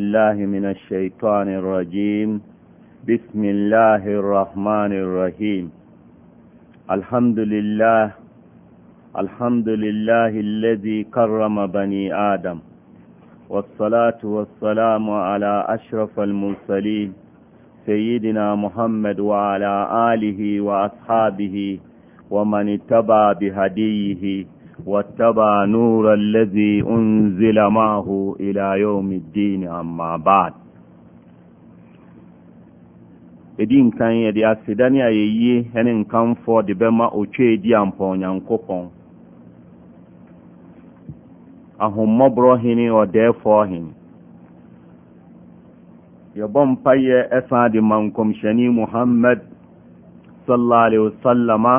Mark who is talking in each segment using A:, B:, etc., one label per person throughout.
A: الله من الشيطان الرجيم بسم الله الرحمن الرحيم الحمد لله الحمد لله الذي كرم بني آدم والصلاة والسلام على أشرف المرسلين سيدنا محمد وعلى آله وأصحابه ومن اتبع بهديه واتبع نور الذي أنزل معه إلى يوم الدين أما بعد ɛdi nkan yɛde aseda ne ayɛyie ne nkamfoɔ de bɛma otwaadi ampa onyankopɔn ahommɔborɔ hene ɔdɛɛfoɔ hene yɛbɔ mpayɛ paye de ma nkɔmhyɛne muhammad sallallahu alaihi wasallama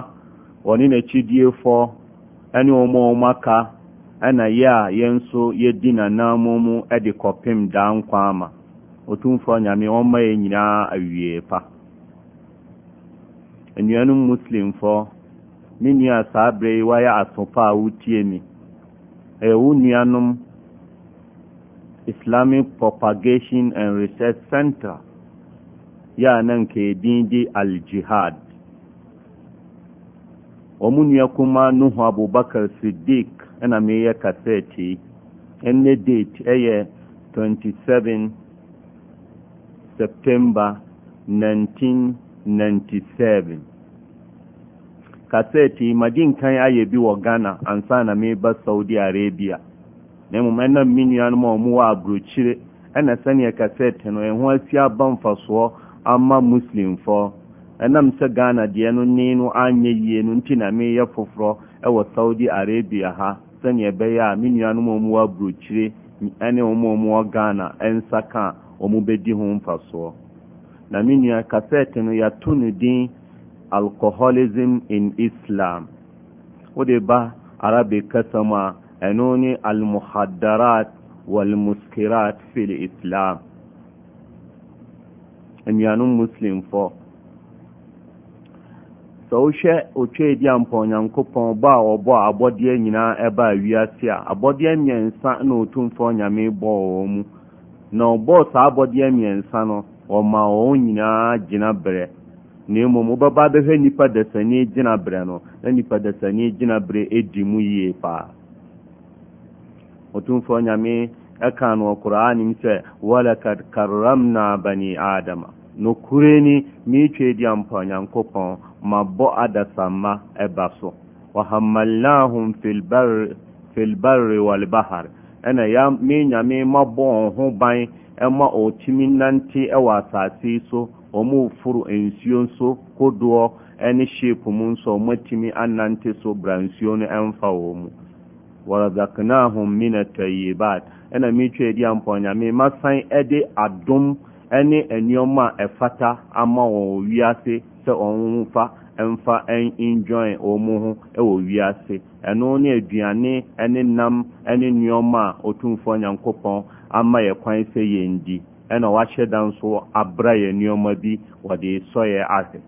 A: wɔne ɛne ɔmo a ɔmo aka ɛna yɛ a yɛn nso yɛdi nanammo mu ɛde kɔpem daa nkwa ama ɔtumfoɔ nyame ɔmma yɛ nyinaa awie pa anuanom muslimfoɔ ne nua saa berɛ yi woayɛ aso pa a wotie mi ɛyɛ wo nuanom islamic propagation and research center yɛ a na nke ɛdin di al jihad wɔn nua kuma nuhu abubakar siddiq ɛna meyɛ kasɛɛte yi ɛnɛ date ɛyɛ 27 september 1997 kasɛɛte yi madi nkan ayɛ bi wɔ ghana ansa na meba saudi arabia na mmom ɛnam me nuanom a ɔmo wɔ aburokyire ɛna sɛneɛ kasɛɛte no ɛho asi aba mfasoɔ ama muslimfoɔ ɛnam sɛ ghana deɛ no ne no anyɛ yie no nti na meyɛ foforɔ ɛwɔ saudi arabia ha sɛnea ɛbɛyɛ a me nuanom ɔmu wɔ aburokyire ɛne ɔmu ɔmu wɔ ghana ɛnsa ka a ɔmu bɛdi ho mfasoɔ na me nua kasɛɛte no yɛato no din alcoholism in islam wode ba arabic kasa mu a ɛno ne almuhadarat walmuskirat fi lislam anuanom muslimfoɔ sɛ wohwɛ otwaadi ampa onyankopɔn bɔ a wɔbɔ a abɔdeɛ nyinaa ɛbaa wiase a abɔdeɛ mmiɛnsa na ɔtumfoɔ nyame bɔ wɔ mu na ɔbɔɔ saa abɔdeɛ mmiɛnsa no ɔma wɔn nyinaa gyina berɛ na mmom wobɛba bɛhwɛ nnipa dasani gyina berɛ no na nnipa dasani gyina berɛ ɛdi mu yie paa nyame ɛka no ɔkoraa nim sɛ walakad Ma سما اباسو وحملناهم في البر filbari البر والبحر انا يا مين يا مين مبون هو بان اما اوتيمي نانتي اوا ساسي سو omu furu nsuo nso kodoɔ ne sheep mu nso ɔmo atumi anante so bra nsuo no ɛmfa wɔ mu warazaknahum min atayibat ɛna metwa adi ampɔnyame masan de adom ne nneɔma a ɛfata ama wɔn wɔ wiase sɛ ɔmfa ɛmfa ɛnjoin ɔmo ho ɛwɔ wiase ɛno ne aduane ɛne nam ɛne nneɔma a ɔtumfoɔ nyankopɔn ama yɛ kwan sɛ yɛndi ɛna wahyɛ da nso abra yɛ nneɔma bi wɔde sɔ yɛ ase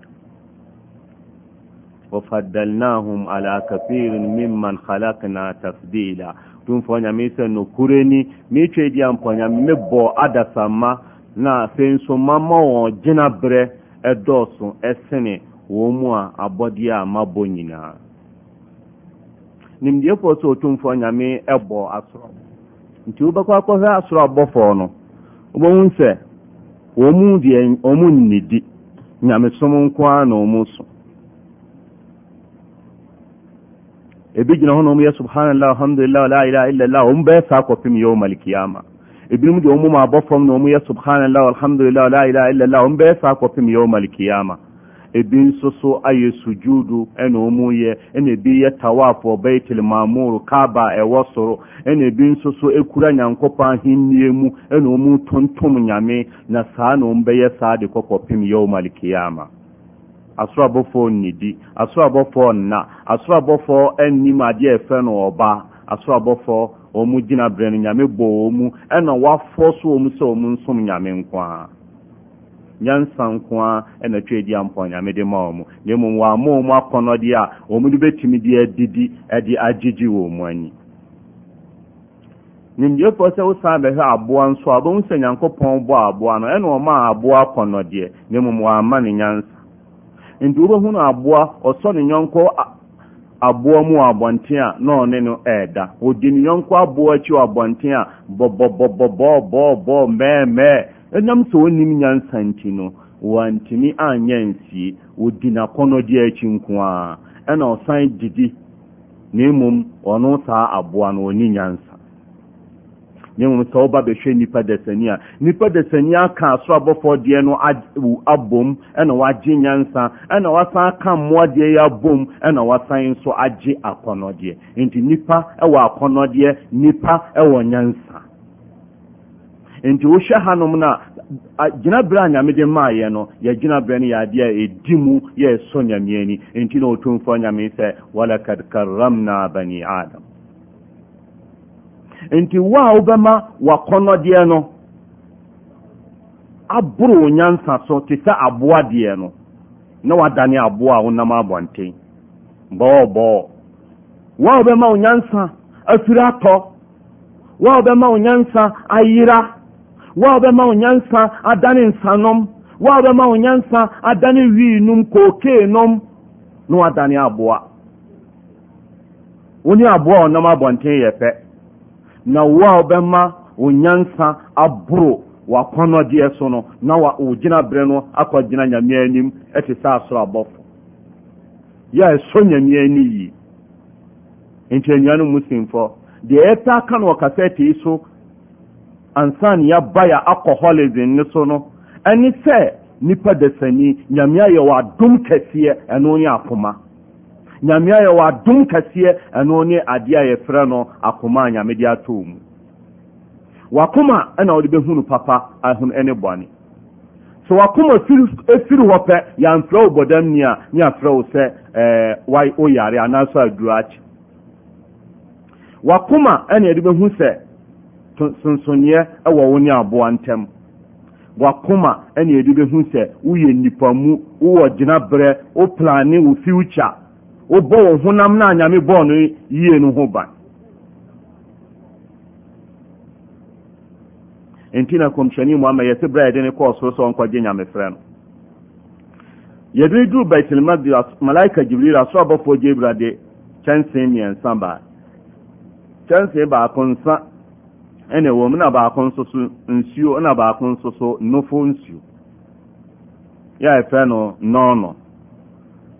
A: وفضلناهم على كثير ممن خلقنا تفضيلا tun fɔ nyame sɛ nokure ni metwe di ampɔ nyame mebɔ adasamma na afei nso mama wɔn gyina berɛ ɛdɔɔso ɛsene wɔn mu a abɔdeɛ a mabɔ nyinaa nimdeɛfoɔ sɛ ɔtumfoɔ nyame ɛbɔ asorɔ nti wobɛkɔ akɔhwɛ asorɔ abɔfoɔ no wobɛhu sɛ wɔn mu deɛ wɔn mu nnidi nyamesom nko ara na wɔn so ebi gyina hɔ na wɔn yɛ subhanallah alhamdulilah wɔn bɛyɛ saa yɛ wɔn malikiyama ebinom deɛ ɔmo mu abɔ fam na ɔmo yɛ subhanallah alhamdulillah la ilaha illallah ɔmo bɛyɛ saa kɔpem yɛ ɔmo ebi nso so ayɛ sujuudu ɛna ɔmo yɛ ɛna ebi yɛ tawaf ɔbɛyitil mamuru kaaba ɛwɔ e soro ɛna ebi nso so ekura nyankopɔn ahennie mu ɛna ɔmo tontom nyame na saa na ɔmo bɛyɛ saa de kɔ kɔpem yɛ ɔmo alikiyama asorabɔfoɔ nnidi asorabɔfoɔ nna asorabɔfoɔ ɛnnim adeɛ ɛfɛ no ɔba asorabɔfoɔ Ọmụ gyina berɛ no nyame bɔ ɔ mu ɛna woafɔ so ɔ mu sɛ ɔmu nsom nyame nko a nyansa nko a ɛna twadi ampɔ nyame de ma ɔ mu na mmom wɔama ɔ mu akɔnnɔdeɛ a ɔ mu no bɛtumi de adidi ɛde agyegye wɔ mu anyi nimdiefoɔ sɛ wosan bɛhwɛ aboa nso a wobɛhu sɛ nyankopɔn bɔɔ aboa no ɛna ɔmaa aboa akɔnnɔdeɛ na mmom wɔama no nyansa nti wobɛhu no aboa ɔsɔ ne nyɔnkɔ aboa mu abɔnten a na ɔne no ɛɛda wɔdi ne yɔnko aboa akyi wɔ abɔnten a bɔbɔbɔbɔbɔbɔbɔ mɛɛmɛɛ ɛnam sɛ ɔnim nyansa nti no wantumi anyɛ nsie wɔdi n'akɔnnɔdeɛ akyi nko a ɛna ɔsan didi na mmom ɔno saa aboa no ɔni nyansa yɛhu sɛ woba bɛhwɛ nnipa dasani a nnipa dasani aka soro abɔfoɔ deɛ no abom ɛna wagye nyansa ɛna wasan aka mmoadeɛ yɛ abom ɛna wasan nso agye akɔnnɔdeɛ nti nnipa ɛwɔ akɔnnɔdeɛ nnipa ɛwɔ nyansa enti wohwɛ hanom no a gyinaberɛ a nyame de maayɛ no yɛgyinaberɛ no yɛadeɛ a ɛdi mu yɛ ɛsɔ nyameani nti na ɔtumfoɔ nyame sɛ walakad karramna bani adam nti wo a wobɛma wakɔnnɔdeɛ no aboro wo nyansa so te sɛ aboa deɛ no na wadane aboa a wonam abɔnten bɔɔbɔɔ wo a wobɛma wo nyansa afiri atɔ wo a wobɛma wo nyansa ayera wo a wobɛma wo nyansa adane nsanom wo a wobɛma wo nyansa adane wii nom kookee nom na wadane aboa wo ne aboa a ɔnam abɔnten yɛ pɛ na wo a wobɛma wo nyansa aboro wakɔnnɔdeɛ no na wo gyina berɛ no akɔgyina nyame anim ɛte sɛ asoro abɔfo yɛ ɛsɔ nyame ani yi nti anuanom muslimfɔ deɛ ɛta ka no wɔkasa tii so yɛba yɛ ne so no ɛne sɛ dasani nyame ayɛ wɔ adom kɛseɛ ɛno ne nyame ayɛ wadom kɛseɛ ɛno ne adeɛ a yɛfrɛ no akoma a nyame de atɔɔ mu wakoma ɛna wode no papa ahunu ɛne bɔne sɛ wakoma ɛfiri hɔ pɛ yɛamfrɛ wo bɔdam ni a ne afrɛ wo sɛ woyare anaasɛ aduro akye wakoma ɛne yɛde bɛhu sɛ sonsonneɛ ɛwɔ wo ne aboa ntam wakoma ɛna yɛde bɛhu sɛ woyɛ nnipa mu wowɔ gyina berɛ wo plane wo future wobɔ wo honam no anyame bɔɔ no yie no ho ban nti na kɔmhyɛni mu ama yɛte berɛ a yɛde ne kɔɔ soro sɛ ɔnkɔgye nyamefrɛ no yɛde ne duru baitilmadis malaika jibril asorabɔfoɔ gyebra de kyɛnsee mmiɛnsa baa kyɛnsee baako nsa ɛne wɔ mu na baako nso so nsuo na baako nso so nnofo nsuo yɛ a yɛfrɛ e no nɔɔnɔ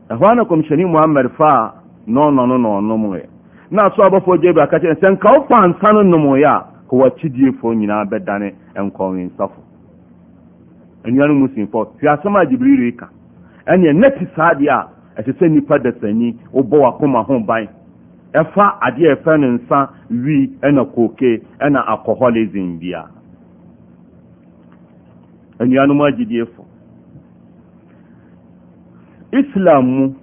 A: ɛhɔanakom fa a na ɔnɔno na ɔnomoeɛ na so abɔfoɔ gye bra ka kyerɛ sɛ nka nsa no nomoeɛ a kɔwɔkyidiefoɔ nyinaa bɛdane nkɔwensafo hwɛ asɛm a gyibril yi ɛneɛ nna ti saa deɛ a ɛte sɛ nnipa dasani wobɔ wakoma ho ban ɛfa adeɛ ɛfɛ no nsa wi ɛna koke ɛna akɔhɔlism bia anuanom agyidiefoɔ islam mu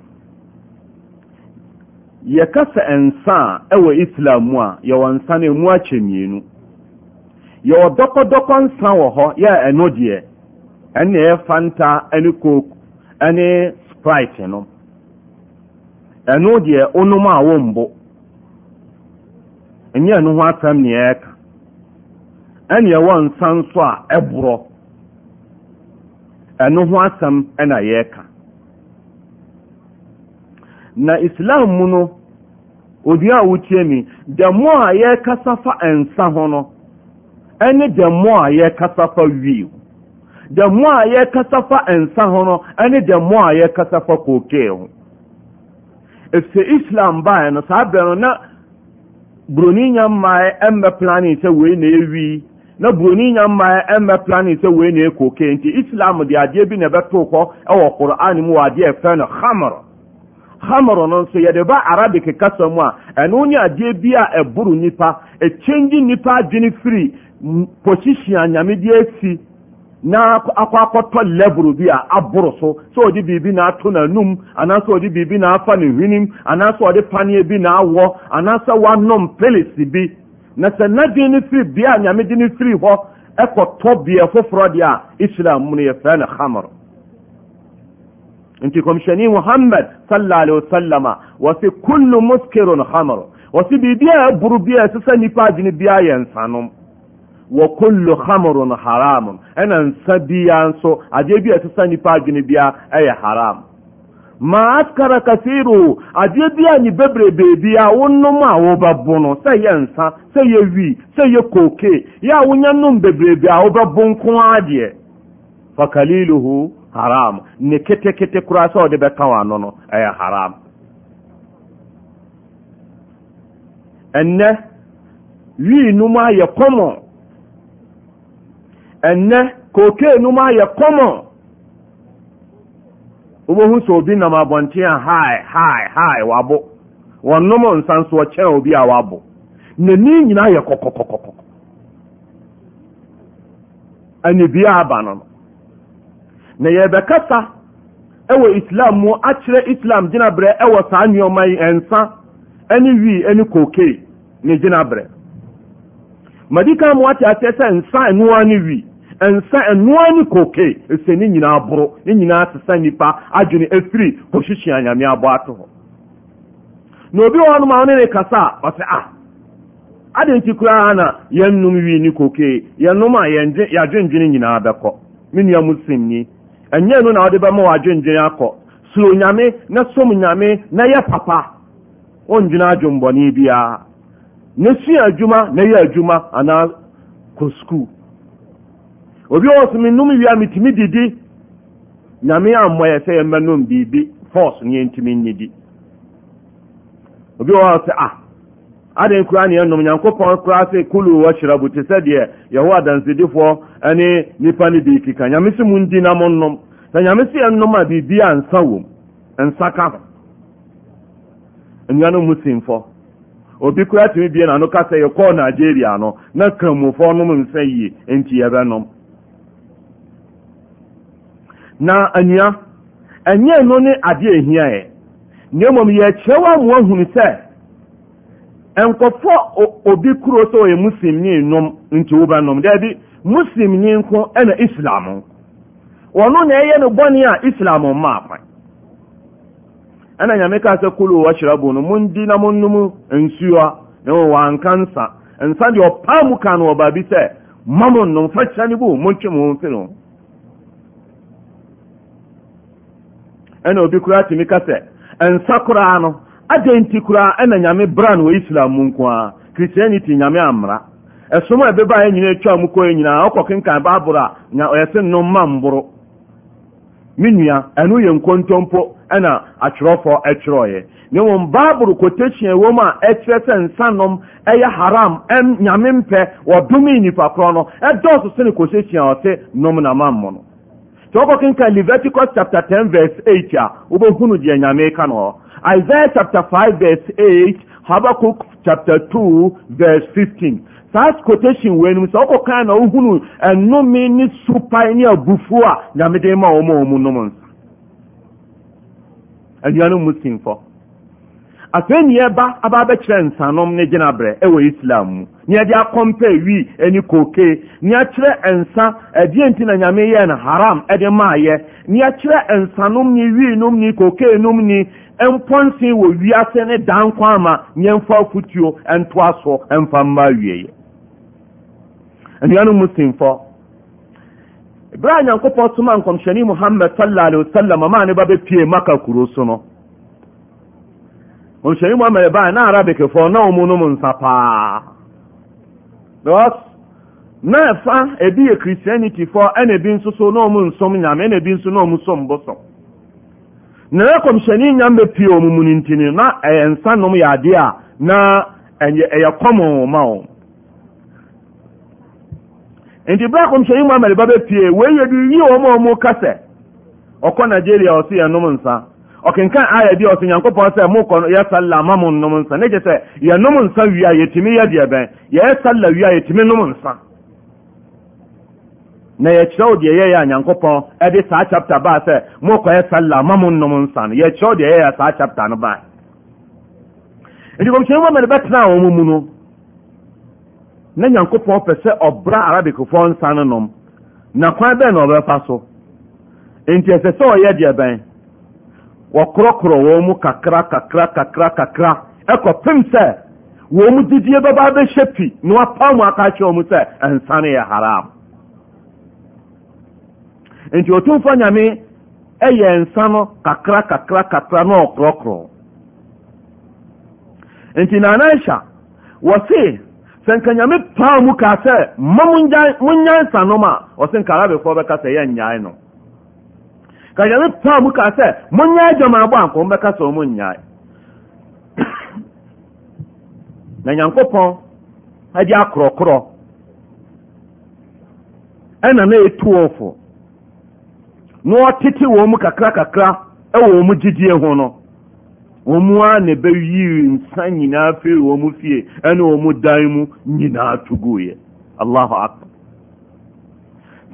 A: yɛkasa nsa a ɛwɔ islam mu a yɛwɔ nsa no ɛmu akyɛ mmienu yɛwɔ dɔkɔdɔkɔ nsa wɔ hɔ yɛ ɛno deɛ ɛna ɛyɛ fanta ɛne coke ɛne sprite no ɛno deɛ onom a wombo ɛnyɛ ɛno ho asɛm ne ɛɛka ɛna ɛwɔ nsa nso a ɛborɔ ɛno ho asɛm ɛna yɛka. na islam mu no odi a wotie mi da a yɛrekasa fa nsa ho no ɛne da a yɛrekasa fa wiw da a yɛrekasa fa nsa ho no ɛne da a yɛrekasa fa kookee ho ɛfisɛ islam baa no saa berɛ no na buroni nya mmaeɛ ɛmmɛ plane sɛ wei na ɛwii na buroni nya mmaeɛ ɛmmɛ plane sɛ wei na ɛkookee nti islam de adeɛ bi na ɛbɛtoo hɔ ɛwɔ qur'an mu wɔ adeɛ ɛfrɛ no hamr hamoro no nso yɛde ba arabic kasa mu a ɛno ne adeɛ bi a ɛboro nnipa ɛkyɛngye nnipa adwene firi posisia nyamedeɛ asi na akɔ akɔtɔ lɛboro bi a aboro so sɛ ɔde biribi na ato n'anum anaasɛ ɔde biribi na afa ne hwenem anaasɛ ɔde paneɛ bi na awɔ anaasɛ wanom pelisi bi na sɛ n'adwene no firi bea a nyamede no firi hɔ ɛkɔtɔ bea foforɔ deɛ a islam mu no yɛfrɛ no hamoro nti kmsyanei mohammad sal wasalam a wɔse kulu moskeron hamro wɔ se biribi a ɛboro biaa ɛsɛ sa nnipa gyene biaa yɛ nsanom wa kulu hamron haramon ɛna nsa bia nso adeɛ bi a ɛsɛ sa nnipa agyene bia ɛyɛ haram ma askara kasiruho adeɛ bi a nibebree beebi a wo nom a wobɛbo no sɛ yɛ nsa sɛ yɛ wii sɛ yɛ koke yɛa wonya nom bebree bi a wobɛbo nkoaa deɛ fakih haram ne ketekete koraa sɛ ɔde bɛka w ano no ɛyɛ haram ɛnnɛ wii nom ayɛ kɔmmɔn ɛnnɛ kookee nom ayɛ kɔmmɔn wobɛhu sɛ obi nam abɔnten a hae hae hae wabo wɔnom nsa nso ɔkyɛn obi a wabo n'ani nyinaa yɛ kɔkɔkɔkɔkɔ anibiaa aba no no na ya yɛbɛkasa ɛwɔ islam mu akyerɛ islam gyinaberɛ ɛwɔ saa nneɔma yi ɛnsa ɛne wii ɛne kokee ne gyinaberɛ madi ka mo ate aseɛ sɛ nsa ɛnoa ne wii ɛnsa ɛnoa ne kokee ɛsɛ ne nyinaa boro ne nyinaa sesa nnipa adwene ɛfiri kɔhyehyea nyame abɔ ato hɔ na obi wɔ hɔnom ah, a wone ne kasa a ɔsɛ ah adɛn nti koraa na yɛnnom wii ne kokee yɛnom a yɛadwendwene nyinaa bɛkɔ me nua mu simni ɛnyɛ no na wode bɛma w'adwendwene akɔ suro nyame na som nyame na yɛ papa ɔndwene adwombɔne biara na sua adwuma na yɛ adwuma anaa kɔ sukuu obi wɔ so menom wie a metumi didi nyame ammɔ yɛ sɛ yɛmmɛnom biribi force no yɛntumi nni di obi wɔ sɛ ah adan na ne nom nyankopɔn kora se kulu wa shirabu te sɛ deɛ yɛho adansidifoɔ ne nipa no bi keka nyame se mu ndi na mo nom sɛ nyame se yɛnom a biribi a nsa wom nsa ka ho nnuanom mu simfɔ obi kora tumi bie n'ano ka sɛ yɛkɔɔ nigeria no na kramufoɔ nom nsa yie enti nom na anua ɛnyɛ no ne adeɛ ɛhiaɛ na mmom yɛkyerɛ wo amoa hunu sɛ ɛnkɔfɔ obi kuro sɛ ɔyɛ muslimni nom nti wobɛnom daabi muslimni nko ɛna islam ɔno na ɛyɛ no bɔne a islam mmaa kwan ɛna nyame ka sɛ kulu washrabu no mondi na monnom nsuo na wɔanka nsa nsa deɛ ɔpaa mu ka no wɔ baabi sɛ ma mo nnom fa ne bo montwe mo ɛna obi ka sɛ koraa no agenti koraa ɛna nyame bra no islam mu nko a christianity nyame ammara ɛsom a anyị a nyinaa atwa mu kɔɛ nyinaa ɔkɔ kenkan a ɔyɛ ma na mmom bible quotation ɛwɔ mu a ɛkyerɛ sɛ nsanom haram nyame na ma mmɔ no nti leviticus chapter verse a nyame ka isaiah chap5 v8 habakuk chapt2 v15 saa se quotation w'anom sɛ wokɔkane ana wohunu ɛnome ne su pae ne abufuo a nyamede ma wɔma ɔ mu nom nsaf afei neɛ ba aba bɛkyerɛ nsanom ne gyinaberɛ ɛwɔ islam mu neɛde akɔmpɛ wi ani koke neakyerɛ nsa ɛdeɛ nti na nyame yɛɛ no haram ɛde maayɛ neakyerɛ nsanom ne wii nom ni koke nom ni mpɔnsen wɔ wiase ne dan kwan ama neɛmfa afotuo ɛntoa so ɛmfa mma awieɛ anuanom muslimfɔ berɛ a nyankopɔn soma nkɔmhyɛne muhammad sallallahu alaihi wasallam ɔmaa ne ba pie maka kuro so no òṣèré muhammed báyìí baa na fọ na mu nù nsa paa na ebi yɛ christianity ɛna ebi nso so nsom nyame na yɛ nyame pii wɔn mu ne na ɛyɛ nsa nom yɛ a na ɛyɛ ɛyɛ ma wɔn nti bá kɔmhyɛni muhammed bɛ pie wei yɛ bi yi wɔn a nigeria ɔsi yɛ nom nsa. ɔkenkan ayɛ bi ɔsɛ nyankopɔn sɛ mokɔ yɛ salla ma mo nnom nsa ne gye sɛ yɛnom nsa wie a yɛtumi yɛ deɛ bɛn yɛyɛ salla wie a yɛtumi nom nsa na yɛkyerɛw deɛ yɛyɛ a nyankopɔn ɛde saa chapter baa sɛ mokɔyɛ salla ma mo nnom nsa no yɛkyerɛw deɛ yɛyɛ saa chapter no baa nti kɔmhyɛn mu amene bɛtena wɔn mu no na nyankopɔn pɛ sɛ ɔbra arabicfoɔ nsa no nom na kwan bɛn na ɔbɛfa so nti ɛsɛ e sɛ ɔyɛ deɛ bɛn wɔkorɔkorɔ wɔn mu kakra kakra kakra kakra kakrakakrakakrakakra ɛkɔpem sɛ wɔn mu didie bɛbaa bɛhyɛ pi na wɔapaw mu aka kyerɛ wɔ mu sɛ ɛnsane yɛ haram nti ɔtumfɔ nyame ɛyɛ nsa no kakra na ɔkorɔkorɔ nti naanahyɛ wɔse sɛ nka nyame paa mu kaa sɛ ma monya nsa nom a ɔse nka arabɛfoɔ bɛka sɛ yɛnnyae no kayane tom ka sɛ monyɛ adwam abɔ anko mbɛka sɛ ɔmo nnyae na nyankopɔn adi akorɔkorɔ ɛna e na ɛtu ɔfo na ɔtete wɔn mu kakrakakra ɛwɔ e wɔn mu gyidie ho no wɔn mu a na ɛbɛyi nsa nyinaa firi wɔn mu fie e wɔn dan mu nyinaa allahu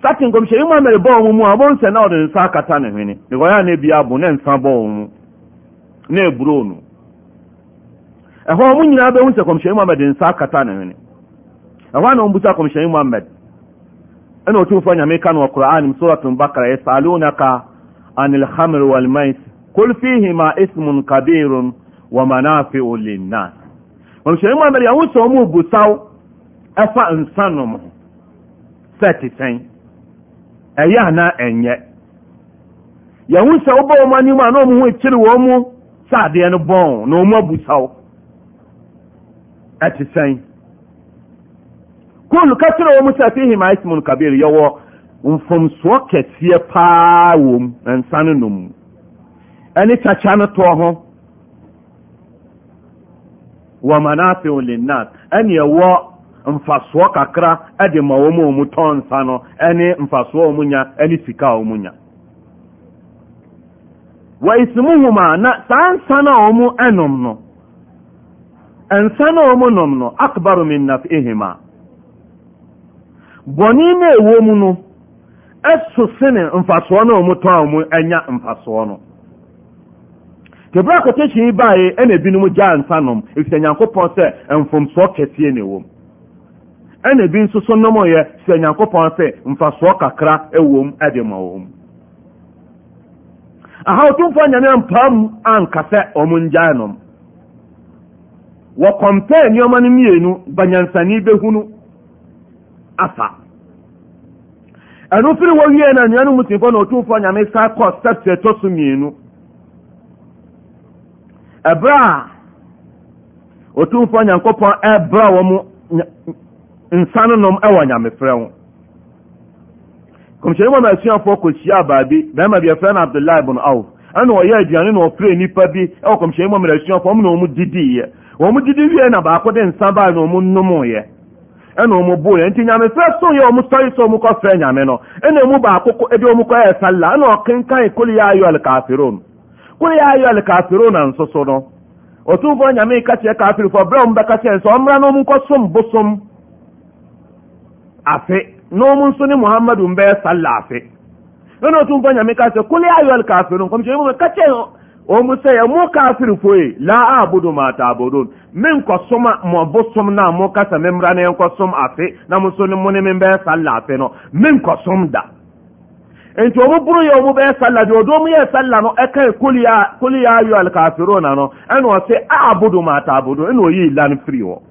A: satin ksimhamd skn sam rnhmysdnhnssamd ntmyaknrasratn bakra salunka an lhamr walmais kl fihima ismun kabirun wamanafiu linas sassa fa sans ɛyɛ anaa ɛnyɛ yɛho sɛ wobɔ wɔ m anim a na ɔmo ho ekyiri wɔ mu sɛ no bɔn na ɔmo abusaw ɛte sɛn kul ka kyerɛ wɔ mu sɛ fihim ismun kabir yɛwɔ mfomsoɔ kɛseɛ paa wɔ mu nsa no nom ɛne kyakya no tɔ ho wɔ manafeo linnas ɛneɛ mfasoɔ kakra ɛde ma wɔ mu ɔ mu nsa no ɛne mfasoɔ ɔ mu nya ɛne sika ɔ mu nya wa ismuhuma na saa nsa no a ɔ mu ɛnom no ɛnsa no a ɔ mu nom no akbaro min nafihima bɔne na ɛwɔ mu no ɛso sene mfasoɔ no ɔ mu tɔn ɔ mu ɛnya mfasoɔ no tebere akɔtɔ hyii baeɛ ɛna ebinom gya nsa nom ɛfisɛ nyankopɔn sɛ mfomsoɔ kɛseɛ na ɛwɔ mu ɛna ebi nso so nom yɛ sɛ nyankopɔn sɛ mfasoɔ kakra ɛwom ɛde ma wɔ mu ahawtomfoɔ nyame ampaa mu anka sɛ ɔmo ngyae nom wɔkɔmpɛɛ nneɔma no mmienu banyansane bɛhunu afa ɛno firi wɔ wie na nnuanom mu simfɔ na ɔtomfoɔ nyame sa kɔ steps ɛtɔ so mmienu ɛberɛ a ɔtomfoɔ nyankopɔn ɛbrɛ wɔ mu nsa ɛwɔ nyamefrɛ ho kɔmhyɛni mɔma asuafoɔ kɔhyia baabi bɛrima no auf na ɔfrɛ nnipa bi ɛwɔ kɔmhyɛni mɔma asuafoɔ ɔmo na ɔmo didiiɛ ɔmo didi wie na baako de nsa baa na ọmụ nomoeɛ ɛna ọmụ boeɛ nti nyamefrɛ ọmụ yɛ ɔmo sɔre sɛ kɔfrɛ nyame no ɛna baako kɔyɛ ɛna ɔkenkan yɛ yɛ nsoso no nyame afe nomun suni muhammadu mbe salla afe yono tun fanya mi kase kuli ayyul kafirun kom shey mu kace o mu sai mu kafir foye la abudu ma ta'budun min ko suma mo busum na mo kasa memra ne ko sum afe na mu suni mu ne min be salla afe no min ko som da nti o mu buru ye o mu be salla de o do mu ye salla no e kai kuli ya kuli ya ayyul kafirun no eno se abudu ma ta'budun eno yi lan free wo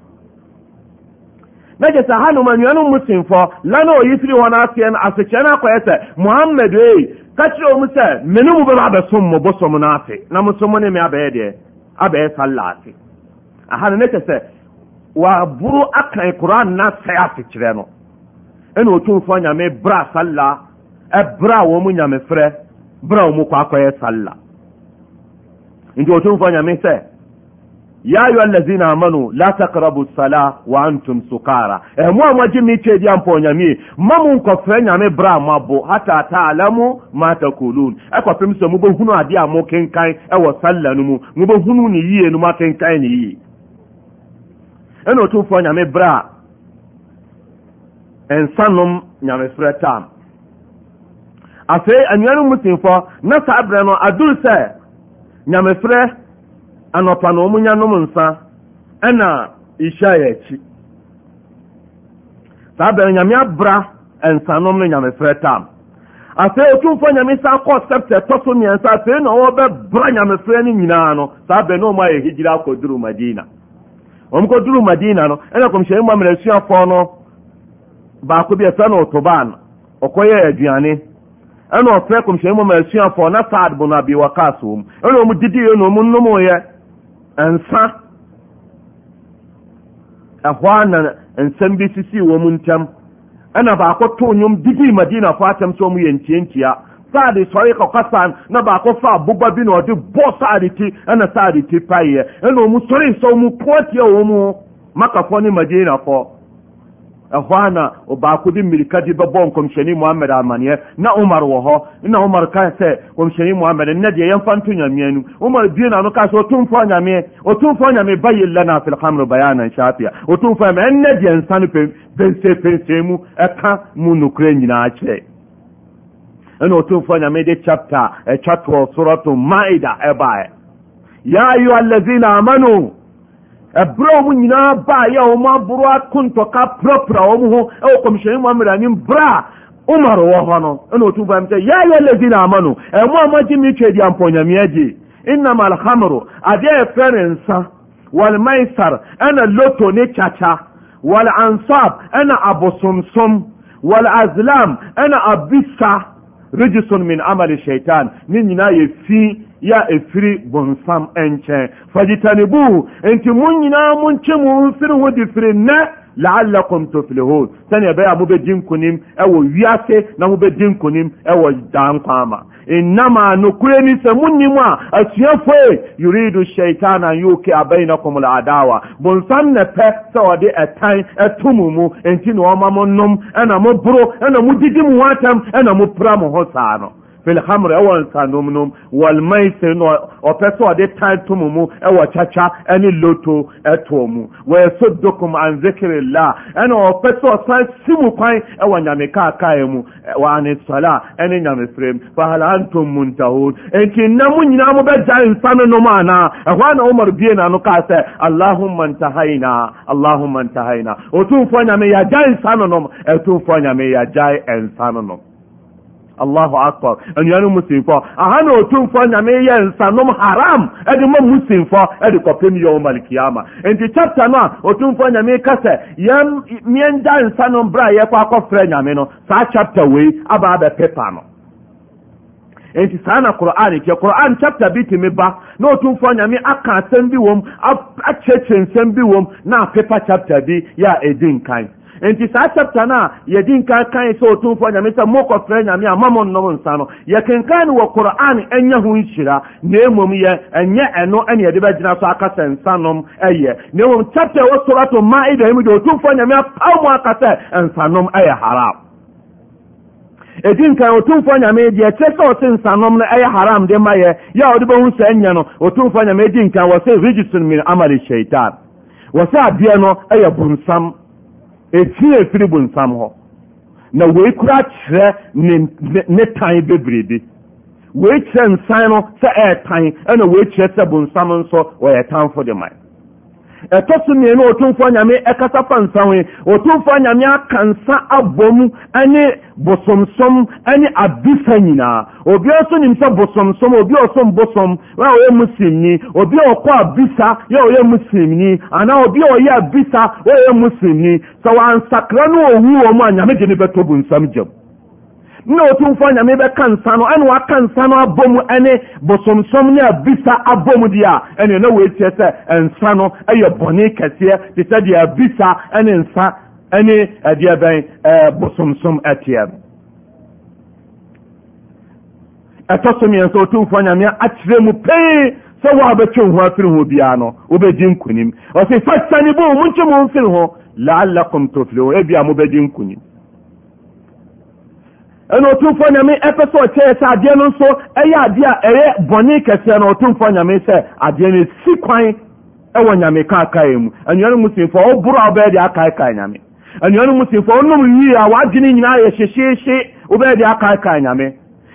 A: na gesa ha nu manuanum musimfo lana oyifiri hɔ n'aseɛ no asekyerɛ no akɔyɛ sɛ mohammed ei ka kyerɛ mu sɛ me ne mu bɛba abɛsom mo bosom no ase na moso mo ne me abɛyɛ deɛ abɛyɛ salla ase aha no ne kyɛ sɛ wɔaboro akan koran e na sɛe asekyerɛ no ɛna ɔtumfoɔ nyame bra salla ɛbra a wɔn mu nyamefrɛ bra a wɔn mu kɔ akɔyɛ salla nti ɔtumfoɔ nyame sɛ yayuh allazin amanu la takrabo sala waantum sukara eh, mo a moagye mekyedi amp nyameye ma mo nkɔfrɛ nyame brɛa mo abo hata talamu ma takulun ɛkɔpemsɛ eh, mubɛhunu ade amo kenkan ɛwɔ salla nomu mubɛhunu ne yie nomu akenkan ne yie ɛneotumfɔ nyame berɛa nsanom nyameferɛ tam afei anuanomu sin f nasa aberɛ no adoru sɛ nyameferɛ anɔpa na ụmụnya nsa ɛna e ehyia yɛ akyi saa bɛn nyame abra nsanom no nyame frɛ tam afei otumfo nyame san kɔ sɛpta ɛtɔ so mmiɛnsa afei na ɔwɔ bɛbra nyamefrɛ no nyinaa no saa na ɔmo ayɛ higyira akɔduru madina ɔmo kɔduru madina no ɛna mu amena no baako bi no ɔtoban ɔkɔyɛ aduane ɛna ɔfrɛ mu amena na saad kaa so nsa ɛhɔ a na nsɛm bi sisi wɔn mu ntɛm ɛna baako too nnwom didii madinafoɔ atɛm sɛ ɔmo yɛ ntiantia saade sɔre kɔkɔsan na baako fa aboba bi na ɔde bɔ saade ti ɛna saade ti paeɛ ɛna ɔmo sɔre sɛ ɔmo poɔ tia wɔ mu makafoɔ ne madinafoɔ ɛhnabakode mirkad bɛbsni muhamd amaneɛ na arw ni abayn lana filhamr bayanan safia aem ka ryinakyerɛɛntmae capt atsratma ɛberɛ ɔ mu nyinaa baa yɛ ɔm aboroakontɔka prapraɔ m ho wɔ kɔmhyɛnnimu amirɛnim brɛ a omarowɔ hɔ no netsɛ yayu alazina amano mo amagyemetwe de ampɔnyameɛ gye inama alhamero adeɛ ɛ fɛre nsa waalmaisar ɛna loto ne chacha waalansab ɛna abosomsom waalaslam ɛna abisa rigeson min amal shaitan ne nyinaa yɛ fi ya efiri bonsam ɛnkyɛn fagitanibuhu nti mu nyinaa mu nkye mu nsiri ho di firi nnɛ la'allakum tuflihun sɛnea ɛbɛyɛ a mobɛdi nkonim ɛwɔ wiase na mobɛdi nkonim ɛwɔ daa nkwaama innama nokure ni sɛ monnim a asuafoe yuridu shaitan an yukia bainakum aladawa bonsam ne pɛ sɛ ɔde ɛtan ɛto mu enti na ɔma mo nom ɛna moboro ɛna mudidi mo ho atɛm ɛna mopira mo ho saa no filhamr ɛwɔ nsanom nom wlmaisir na ɔpɛ sɛ ɔde tan tom mu wɔ cyakya ɛne loto ɛtɔ mu wyasodocum an zikrillah ɛne ɔpɛ sɛ ɔsan si mu kwan ɛwɔ nyame kakaɛ mu w an salat ɛne nyame serem fahal antom muntahon ɛnki nna mo nyinaa mo bɛgyae nsa nonom anaa ɛhoana omar biena no ka sɛ allahuma ntahana ahuma ntahaina ɔtumfɔ nyameyayae nsanonom tumfɔ nyameyayae ɛnsa nonom allahu akbar anuanu musimfo aha na otumfo nyame yɛ nsanom haram ɛde ma musimfo ɛde kɔpem yom alkiyama nti chapter no a otumfo nyame ya sɛ yɛmmiɛnda nsanom berɛ a yɛkɔ akɔfrɛ nyame no saa chapter wei aba pepa no nti saa na qur'an kyɛ qur'an chapter bi tumi ba na otumfo nyame aka asɛm bi wom akyerɛkyerɛ nsɛm bi wom na apepa chapter bi yɛ a ɛdi nkan nti saa chapter no a yɛdi nka kan sɛ ɔtumfoɔ nyame sɛ mokɔfrɛ nyame a mamɔ nnom nsa no yɛkenkan no wɔ koran ɛnyɛ ho nhyira na mmom yɛ ɛnyɛ ɛno ɛne yɛde bɛgyina so aka nsa nom ɛyɛ na mmom chapter ɛwɔ sorato ma ida deɛ ɔtumfoɔ nyame apaw mu aka sɛ ɛyɛ haram nyame deɛ kyerɛ sɛ ɔse nsanom no ɛyɛ haram de ma yɛ yɛ a ɔde bɛhu no nyame min amale shaitan ɛfii ɛfiri bo nsam hɔ na wei kora kyerɛ ene tane bebreebi wei kyerɛ nsan no sɛ ɛɛtane ɛna woi kyerɛ sɛ bonsam nso ɔyɛ tamfo de man ɛtɔ so mmienu otumfoɔ nyame ɛkasa fa nsanwe otumfoɔ nyame aka nsa abom ɛne bosomsom ɛne abisa nyinaa obiara nso nim sɛ bosomsom obi a ɔsom bosom a ɔyɛ obi a ɔkɔ abisa yɛ ɔyɛ muslimni anaa obi a ɔyɛ abisa ɔyɛ muslimni sɛ wɔansakra no ɔwu wɔ a nyame bu nsam gyam nna ɔtumfoɔ nyame bɛka nsano ɛneaka nsa no abɔ mu ne bɔsomsom ne abisa abɔ mu deɛ a ɛneɛ na wɔɛtiɛ sɛ nsa no ɛyɛ bɔne kɛseɛ firi sɛdeɛ abisa ne nsa ne ɛdeɛ bɛn bɔsomsom teɛ no ɛtɔsomeɛ sɛ ɔtumfoɔ nyame akyerɛ mu pɛi sɛ wo abɛkye ho a firi ho biara no wobɛdi nkonim ɔsefastanibou mo nkemo mfiri ho laalakum tfliho bia mobɛi nkonim ɛna ɔtumfoɔ nyame ɛpɛ sɛ ɔkyerɛ sɛ adeɛ no nso ɛyɛ adeɛ a ɛyɛ bɔne kɛseɛ no ɔtumfoɔ nyame sɛ adeɛ no si kwan ɛwɔ nyame kaakae mu anuano mu simfo ɔboro a wobɛyɛ deɛ akaekae nyame anuano mu simfo ɔnom yie a w'adwene nyinaa yɛ hyehyeehye wobɛyɛ deɛ akaekae nyame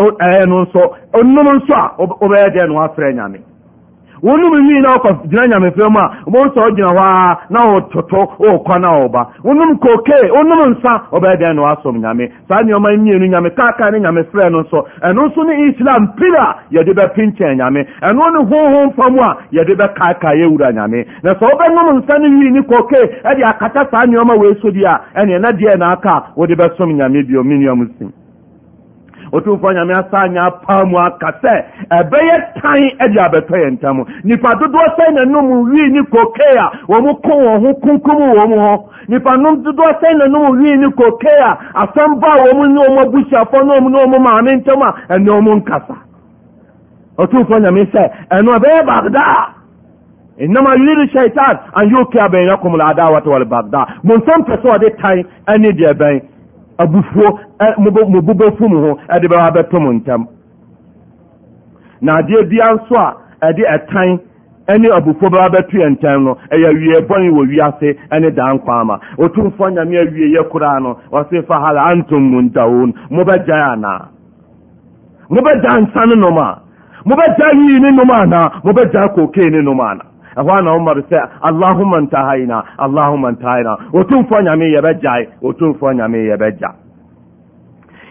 A: ɛno nso ɔnom nso a wobɛyɛ deɛ no woafrɛ nyame wonom nwii na wokɔ gyina nyamefrɛ mu a wobɛhu sɛ wogyina hɔ a na wototo wowokɔ na woba wonom kokee wonom nsa wobɛyɛ deɛ no woasom nyame saa nneɔma mmienu nyame kaakaa ne nyame frɛ no nso ɛno nso ne islam pila yɛde bɛpinkyɛn nyame ɛno ne honhom fa mu a yɛde bɛkaakaa yɛwura nyame na sɛ wobɛnom nsa no wii ne kokee ɛde akata saa nneɔma wei so deɛ a ɛneɛ na deɛ naaka a wode bɛsom nyame bio me nnuamu sim ɔtumfoɔ nyame asa nyɛ apaa mu aka sɛ ɛbɛyɛ tan de abɛtɔ yɛ ntam nipa dodoɔ sɛn na nom wii ne kokee a wɔ mo ko wɔn ho kunkum wɔ mu hɔ nipa nom dodoɔ sɛn na nom wii ne kokee a asɛm ba wɔ mu ne wɔn abusuafoɔ ne wɔn ne wɔn maame ntam a ɛne wɔn nkasa ɔtumfoɔ nyame sɛ ɛno ɛbɛyɛ bagdaa innama yuridu shaitan an yukiya bainakum al-adawata wal baghdha mun san fa so de tan ani de ban abufuo mo fu mu ho ɛde mo na adeɛ bia nso a ɛde ɛtan ɛne abufuo bɛba bɛto yɛ ntan no ɛyɛ awie bɔne wɔ wiase ɛne daa nkwa ama ɔtumfoɔ nyame awie yɛ koraa no ɔse fa hala antom muntaon mobɛgyae anaa mobɛgya nsa ne nom a mobɛgya yii ne nom anaa mobɛgya kokee ne nom anaa hanama bɛsɛ allahuma intahaina allahuma intahaina ɔtum fɔɔ yame yɛbɛjae ɔtum fɔɔ ameyɛbɛgja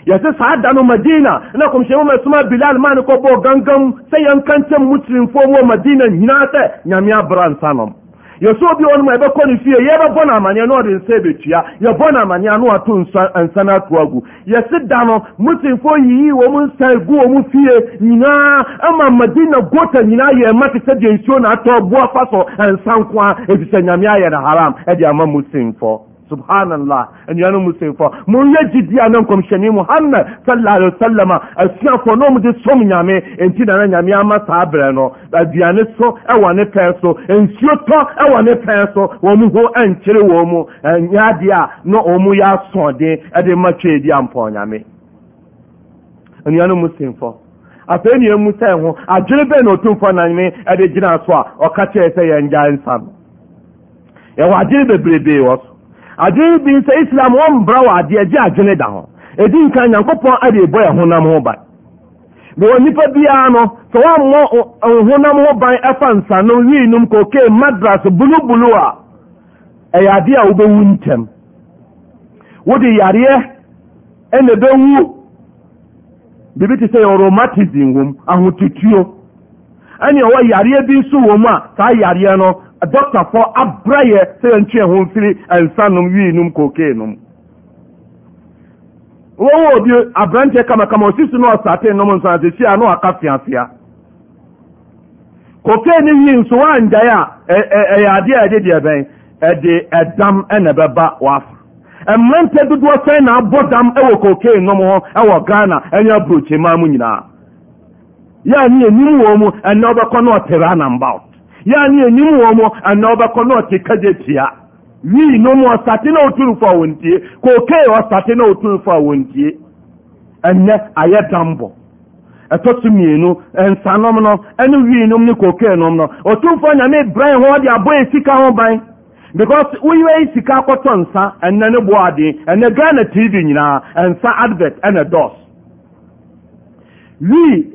A: yɛte saa da no madiina nna komnsyemomɛsoma bilal mane kɔbɔɔ gangam sɛ yɛnkantɛ muslim fɔm wɔ madiina nyina sɛ yame abra nsa nom yɛsɛ obi wɔnom ɛbɛkɔ ne fie yɛbɛbɔ no amanneɛ na ɔde nsa bɛtua yɛbɔ no amanneɛ na wato nsa no ato agu yɛse da no musimfoɔ yiyii wɔ mu nsa gu wɔ mu fie nyinaa ama madina gota nyinaa yɛ ɛma te sɛdeɛ nsuo na atɔ boa fa so nsa nko a ɛfisɛ e nyame ayɛ no haram ɛde ama musimfoɔ subhanallah anuanom mu sefo monyɛ gyidi a na nkɔmhyɛne muhammad sallallahu alaihi wasallam a asuafoɔ na ɔmde som nyame enti na na nyame ama saa berɛ no aduane so ɛwɔ ne pɛɛ so nsuo tɔ ɛwɔ ne pɛɛ so wɔn mu ho ɛnkyere wɔn mu ɛnyɛ adeɛ a na wɔn mu yɛ asoɔden ɛde ma afei nua mu sɛ ho adwene bɛn na otumfoɔ nanyene ɛde gyina so a ɔka kyerɛ sɛ yɛn gya nsa no yɛwɔ adwene bebrebee wɔ so adwene bi nsọ islam wɔmbra wɔ adeɛ gye adwene da ho ɛdi nka nyankopɔn ade ɛbɔ yɛ honam ho ban mewɔ nnipa biara no sɛ woammɔ honam ho ban ɛfa nsanom wiinom kokee madras bulubulu a ɛyɛ adeɛ a wobɛwu ntɛm wode yareɛ ɛna ɛbɛwu biribi te sɛ yɛ romatism wom ahototuo ɛne ɛwɔ yareɛ bi nso wɔ mu a saa yareɛ no adɔktafoɔ abra yɛ sɛ yɛntwe yɛ ho mfiri nsanom wiinom kokeenom wɔwɔ obi aberanteɛ kamakama ɔsi na ɔsate nom nsansesi a na waka feafea kokee ne wii nso woangyae a ɛyɛ adeɛ a ɛde deɛ bɛn ɛde ɛdam ɛna ɛbɛba w'afa ɛmmerantɛ dodoɔ sɛn na abɔ dam ɛwɔ kokee nom ghana ɛnyɛ aburokyemaa mu nyinaa yɛ ne yɛnim wɔ mu ɛnɛ wobɛkɔ ɔtere yaani anim wɔ mɔ anaa ɔbɛkɔ na ɔte kagya tia wii nom ɔsate na ɔtumfo a wɔntie kookee ɔsate na ɔtumfo a wɔntie ɛnɛ ayɛ dambɔ ɛtɔ so mmienu nsanom no ɛne wii nom ne kookee nom no ɔtumfoɔ nyame brɛn ho ɔde abɔ esika ho ban because woyiwa yi sika akɔtɔ nsa ɛnɛ ne boɔ aden ɛnɛ ghana tv nyinaa nsa advert ɛna dɔs wii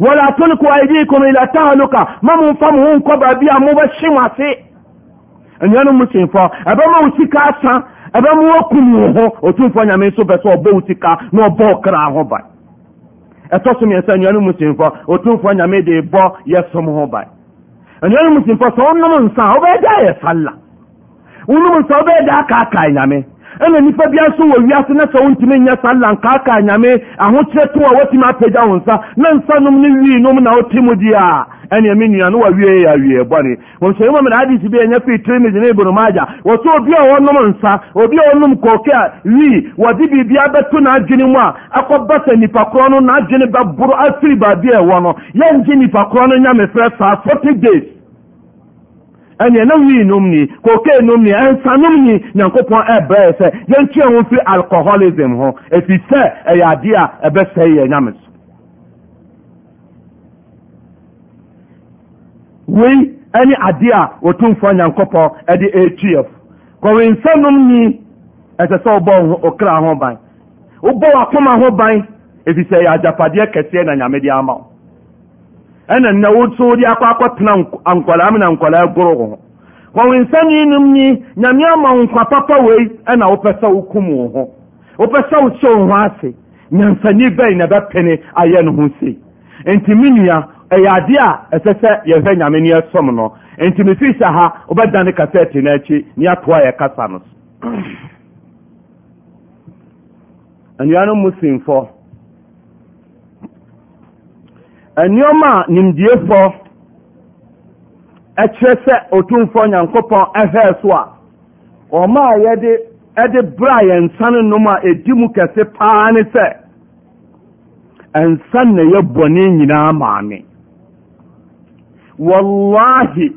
A: wala tulku aydikum ila tahluka ma mumfa mo ho nkɔba bi a mobɛhye mo ase anuanom mu kyemfɔ ɛbɛma wo sika asa ɛbɛma woakum wo ho ɔtumfoɔ nyame nso pɛ sɛ ɔbɔ wo sika na ɔbɔ ɔkra ho ban ɛtɔ so miɛnsa anuanom mu kyemfɔ ɔtumfoɔ nyame de bɔ yɛsom ho ban anuanom mu kyemfɔ sɛ wonom nsa a wobɛyɛ da yɛ salla wonom nsa wobɛyɛ da akaakae nyame ɛna nipa bi nso wɔ wiase na sɛ wɔntumi nyɛ saa lankaaka nyame ahokyerɛ to a wɔtumi apagya wɔn nsa na nsa nom ne wii nom na wɔte mu di a ɛne ɛmi nua no wawie yɛ awie bɔne wɔnhyɛ mu mena hadis bi ɛnyɛ fii tirmidhi ne ibnu magya wɔsɛ obi a wɔnom nsa obi a wɔnom kɔɔke a wii wɔde biribi abɛto n'adwene mu a akɔba sɛ nipa korɔ no n'adwene bɛboro afiri baabi a ɛwɔ no yɛngye nipa korɔ no nyame frɛ saa forty days ɛneɛ na wii nom ni kokee nom ni ɛnsanom ni nyankopɔn ɛbrɛɛ sɛ yɛntwea ho firi alcoholism ho ɛfiri sɛ ɛyɛ adeɛ a ɛbɛsɛe yɛ nyame so wei ɛne adeɛ a wɔtumfoɔ nyankopɔn ɛde ɛtuaf kɔwensanom ni ɛsɛ sɛ wobɔ wo kra ho ban wobɔ w'akoma ho ban ɛfiri sɛ ɛyɛ agyapadeɛ kɛseɛ na nyame de ama wo ena na wotsori akwakwatena ankwala amina ankwala gorogo kwa winsani numni nyamia ama nkwa papa wei ena wopɛsɛ wokum wo ho wopɛsɛ wokyɛ wo ho ase nyansani bɛn na bɛpene ayɛ no ho sei nti me nua ɛyɛ adeɛ a ɛsɛ sɛ yɛhwɛ nyame ne yɛsom no nti mefiri sɛ ha wobɛdane kasɛte no akyi ne yɛatoa yɛ kasa no so anuanom muslimfoɔ nneɔma a nimdiefɔ ɛkyerɛ sɛ otumfɔ nyankopɔn ɛhɛɛ so a ɔma a yɛde ɛde berɛ a yɛn nsane nom a edi mu kɛse paa ne sɛ ɛnsan na yɛ bɔne nyinaa maame wallahi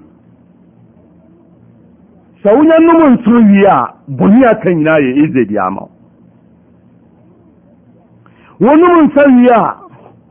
A: sɛ wonya nom nsoro wie a bɔne aka nyinaa yɛ ɛsɛ di ama wonom nsa wie a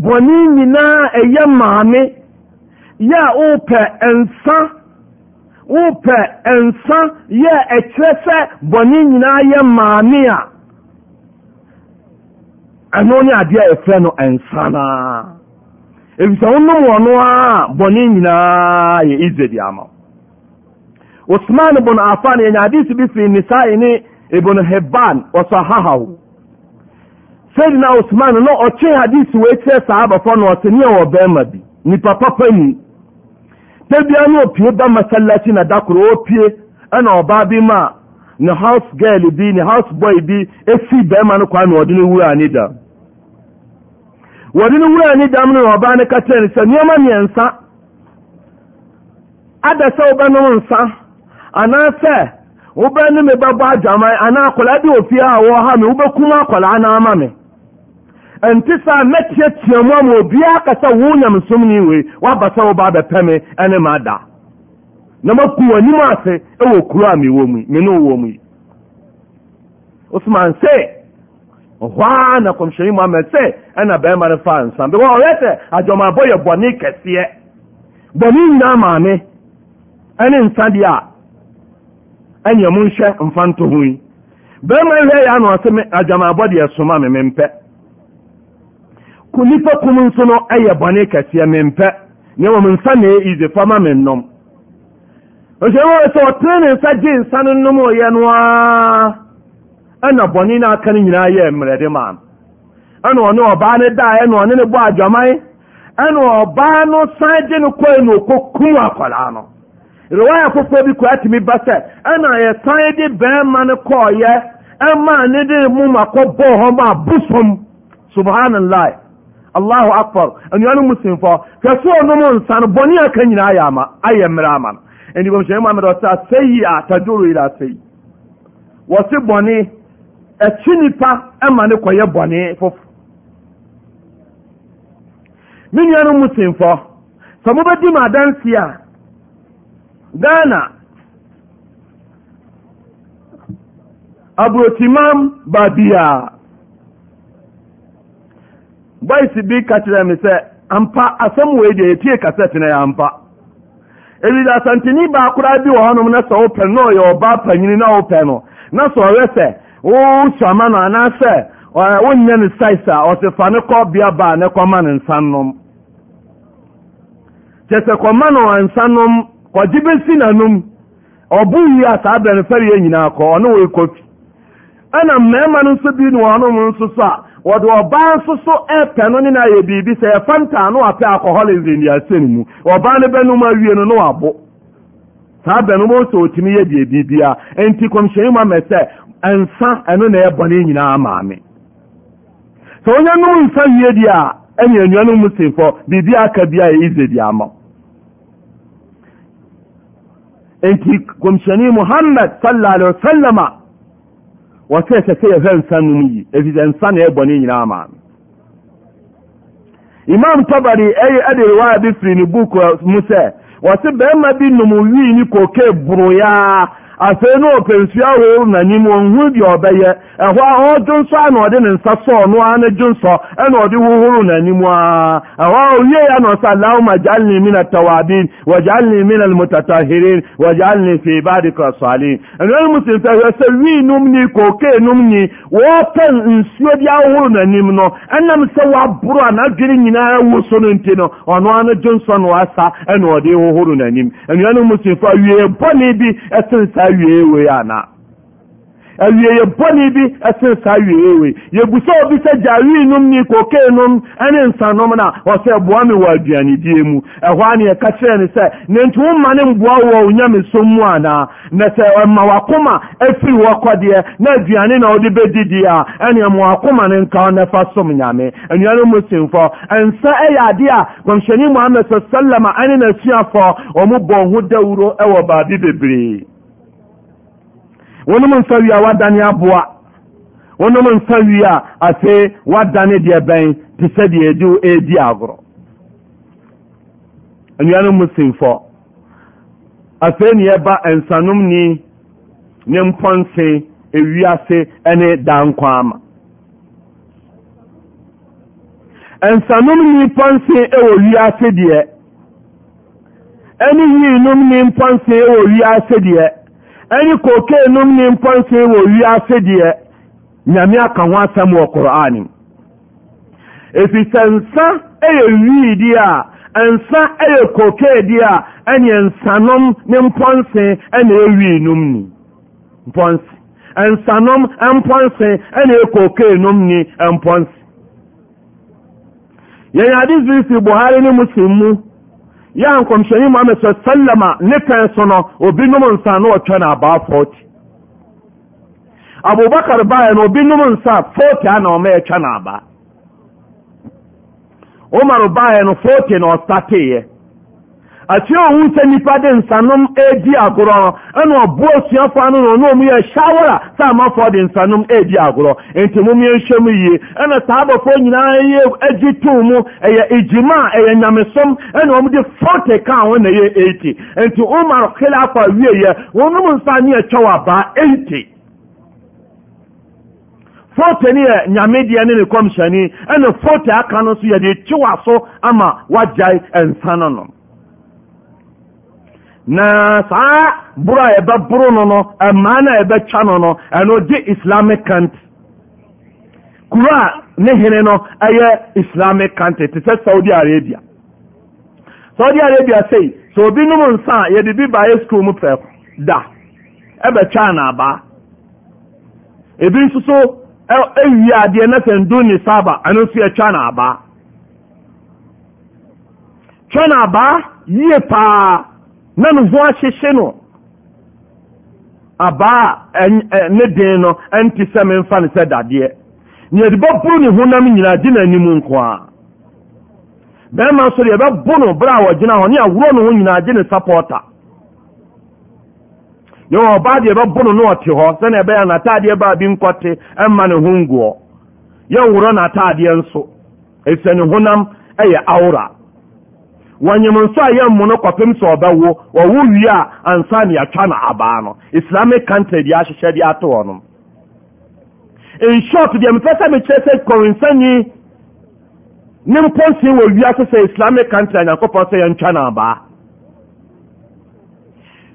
A: bɔne nyinaa ɛyɛ maame yɛ a worepɛ nsa worepɛ nsa yɛ ɛkyerɛ sɛ bɔne nyinaa yɛ maame a ɛno ne adeɛ a ɛfrɛ no nsa naa ɛfisɛ wonom wɔ no a bɔne nyinaa yɛ israel ama osman bun afan yɛnya hadis bi firi nisae ne ibn heban wɔsɔ hahaw saidina osman na ɔtwe hadise wei kyerɛ sahabafoɔ na ɔte neɛ wɔ ma bi nipa papa ni da bia na opie ba masalachi na da opie ɛna ɔbaa bi ma ne house girl bi ne house boy bi esi bɛrima no kwan na ɔde no wura ne da wɔde no wura ne dam no na ɔbaa no ka kyerɛ no sɛ nneɛma mmiɛnsa ada sɛ wobɛnom nsa anaasɛ wobɛne me bɛbɔ adwaman anaa akwadaa bi wɔ fie a wɔwɔ ha me wobɛkum akwadaa no ama me ɛnte saa mɛteateamu ama obiaa ka sɛ wo nyamsom ne wei woaba sɛ wobaa bɛpɛ ɛne maada na maku w'anim ase ɛwɔ kuro a mewɔ mu me ne na mu yi osman se na kɔmhyɛni muhammed se ɛna bɛrima no faa nsa because ɔyɛ sɛ adwamabɔ yɛ kɛseɛ nyinaa maame ɛne nsa deɛ a mfa yi bɛrima yɛ ano ase adwamabɔ deɛ soma ko nnipa kum nso no ɛyɛ bɔne kɛseɛ mempɛ neɛwɔ m nsa na ize fa ma mennom ɔhyɛmɛ sɛ ɔtene ne nsa gye nsa no nom ɔyɛ no a ɛna bɔne no aka no nyinaa yɛ mmerɛde maa no ɛna ɔne ɔbaa no daa ɛna ɔne ne bɔɔ adwaman ɛna ɔbaa no san gye no kɔe na ɔkɔkum akwadaa no rewaya foforɔ bi koraa tumi ba sɛ ɛna yɛsan de bɛrima no kɔɔyɛ ɛmaa ne de hɔ ma subhanallah allahu akbar anuanom musimfoɔ kɛse ɔnom nsa no bɔne a ka nyinaa ayɛ ama ayɛ mmerɛ ama no ɛnti bɔmhyɛne muhammad ɔsɛ asɛyi a yi ila asɛyi wɔse bɔne ɛkyi nipa ɛma ne kɔyɛ bɔne fofo me nuanom musimfoɔ sɛ mobɛdi ma adansi a ghana aburotimam baabia boys bi ka kyerɛɛ me ampa asɛm wei deɛ yɛtie kasɛte na ampa ɛfiri sɛ baa bi wɔ hɔnom na sɛ wopɛ na ɔyɛ ɔbaa panyini na wopɛ no na sɛ ɔyɛ sɛ no anaasɛ size a ɔsɛ fa ne baa ne kɔma nsa nom kyɛ sɛ kɔma no nsa nom kɔgye nanom a saa nyinaa kɔ ɛna mmarima no nso bi ne hɔnom nso so a wɔde ɔbaa nso so ɛpɛ no ne no ayɛ biribi sɛ yɛfa ntaa no wapɛ alcoholism de asɛ no mu ɔbaa no bɛnom awie no na wabo saa bɛnom sɛ ɔtumi yɛ deɛ biribia enti kɔmhyɛni mu amɛ sɛ ɛnsa ɛno na ɛbɔne nyinaa maame sɛ wonya nom nsa wie deɛ a ɛne anuanom mu semfɔ biribia aka bia a ɛyɛ de ama enti kɔmhyɛni muhammad sallallahu alaihi wasallam wɔkyerɛ sɛ sɛ yɛhwɛ nsa nom yi ɛfiri sɛ nsa na ɛbɔ ne nyinaa ma imam tabari ɛyɛ ɛde rewaa bi firi ne book uh, mu sɛ wɔse bɛrima bi nom wii ne kookee boroyaa afei no ɔpɛnsua woro n'anim ɔnhu deɛ ɔbɛyɛ ɛhɔ a ɔdwo nsɔ a na ɔde ne nsa sɔɔ no a ne dwo nsɔ ɛna ɔde hohoro n'anim a ɛhɔ a ya na ɔsɛ allahumma jalni min atawabin wajalni min almutatahirin wajalni fi ibadika salin ɛnuane muslim sɛ hwɛ sɛ wii nom ni kokee nom ni wɔɔpɛ nsuo bi ahohoro n'anim no ɛnam sɛ waboro a n'adwene nyinaa wo so no nti no ɔno a ne dwo nsɔ na wasa ɛna ɔde hohoro n'anim ɛnuane muslim fo awie bɔne bi ɛsen saa awie wei ana awie yɛ bɔne bi ɛsen saa awie wei yɛbu sɛ obi sɛ gyawii nom ni kokee nom ɛne nsanom no a ɔsɛ boa me wɔ aduanedie mu ɛhɔ a yɛka kyerɛ no sɛ ne nti woma ne mboa wɔ wo nyamesom mu anaa na sɛ ɛma wakoma afiri hɔ kɔdeɛ na aduane na wode bɛdidi a ɛne ɛma wakoma no nka na ɛfa som nyame anuano mu simfɔ ɛnsa ɛyɛ adeɛ a kɔmhyɛne muhammad sɛ salama ɛne n'asuafoɔ ɔmo bɔ ho dawuro ɛwɔ baabi bebree wɔnom nsa wie a wadane aboa wɔnom nsa wie a afei wadane deɛ bɛn te sɛ deɛ ɛdi ɛredi agorɔ nnuanom mu simfɔ afei ne yɛba nsanom ni ne mpɔnse ewiase ɛne dankwa ama nsanom ni mpɔnse ɛwɔ wiase deɛ ɛne yinom ni mpɔnse ɛwɔ wiase deɛ ɛne kookeenom ne mpɔnsee wɔ wiase deɛ nyame aka ho asɛm wɔ kor'ane ɛfiri sɛ nsa ɛyɛ wii deɛ a nsa ɛyɛ kookee deɛ a ɛneɛ nsanom ne mpɔnse ɛne ɛwii nom ni mpɔnse nsanom mpɔnse ɛne ɛyɛ kookee nom ni mpɔnse yɛn ade sirisi buhari ne muslim mu yɛa nkɔmhyɛni muhammɛd sa salama ne pɛn so no obinom nsa ne wɔtwa no abaa foute abobakar baɛ no obinom nsa fouty ana ɔmɛyɛtwa no abaa omar baɛ no forte na ɔsateeɛ ati ohun sɛ nipa de nsanom edi agorɔ ɛna ɔbu osuafo ano na ɔno ɔmu yɛ shawara sɛ amafoɔ de nsanom edi agorɔ nti mu mi nhyɛ mu yie ɛna saa abɔfoɔ nyinaa yɛ edi tum mu ɛyɛ ejima ɛyɛ nyamesom ɛna ɔmu de forty kaa wɔn na yɛ eighty nti umar kila akɔ awie yɛ wɔn mu nsa ne ɛtwa wɔ abaa eighty forty ne yɛ nyame ne ne kɔmhyɛni ɛna forty aka no yɛde so ama wagyae nsa no nom. na saa boro a ebe no no ɛmaa no a yɛbɛtwa no no ɛno gye islamic country kuru a ne hene no e islamic country te sɛ saudi arabia saudi arabia sei obi obinom nsa a yɛde ba baeɛ skuul mu prɛko da ɛbɛtwaa e no abaa ebi nso so ɛwie e, adeɛ na sɛ ndo saba ɛno nso yɛtwa no abaa twa yie paa nanu ho ahyehye no abaa ne den no nti sɛ nfa ne sɛ dadeɛ neɛde bɛboro ne ho nam nyinaa gye n'anim nko a bɛrima nso deɛ ɛbɛbo no berɛ a wɔgyina hɔ ne aworɔ no ho nyinaa gye ne sapɔɔta ne ɔbaa deɛ ɛbɛbo no na ɔte hɔ sɛne ɛbɛyɛ n'ataadeɛ baa bi nkɔte ɛmma ne ho nguɔ yɛnworɔ n'ataadeɛ nso ɛsɛ ne honam ɛyɛ awora wanyem nso a yɛ mmono kɔpem sɛ ɔbɛwo wɔwo wie a ansa ne yɛatwa no abaa no islamic country deɛ ahyehyɛ deɛ ato hɔ in short deɛ mepɛ sɛ mekyerɛ sɛ kɔrensani ne mpɔnsie wɔ wiase sɛ islamic country a nyankopɔn sɛ yɛntwa no abaa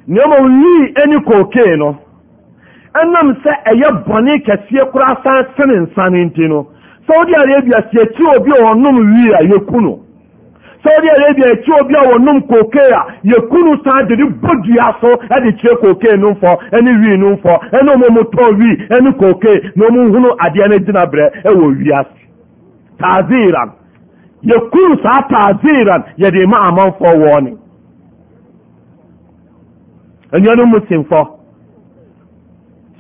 A: na mmom lii ani kookee no ɛnam sɛ ɛyɛ bɔne kɛseɛ koraa san sene nsa no nti no saudi arabia sɛ akyi obi a ɔnom wie a yɛku no saudi arabia ethiopia wɔ nom kookee a yɛkunu san de ne bɔ dua so de kyerɛ kookee no mfɔ ne wii no mfɔ ɛne ɔmo tɔn wii ne kookee na ɔmo hunu adeɛ no gyina berɛ wɔ wiase taaziran yɛkunu saa taaziran yɛde ma amanfoɔ wɔ ne anuanom mu simfɔ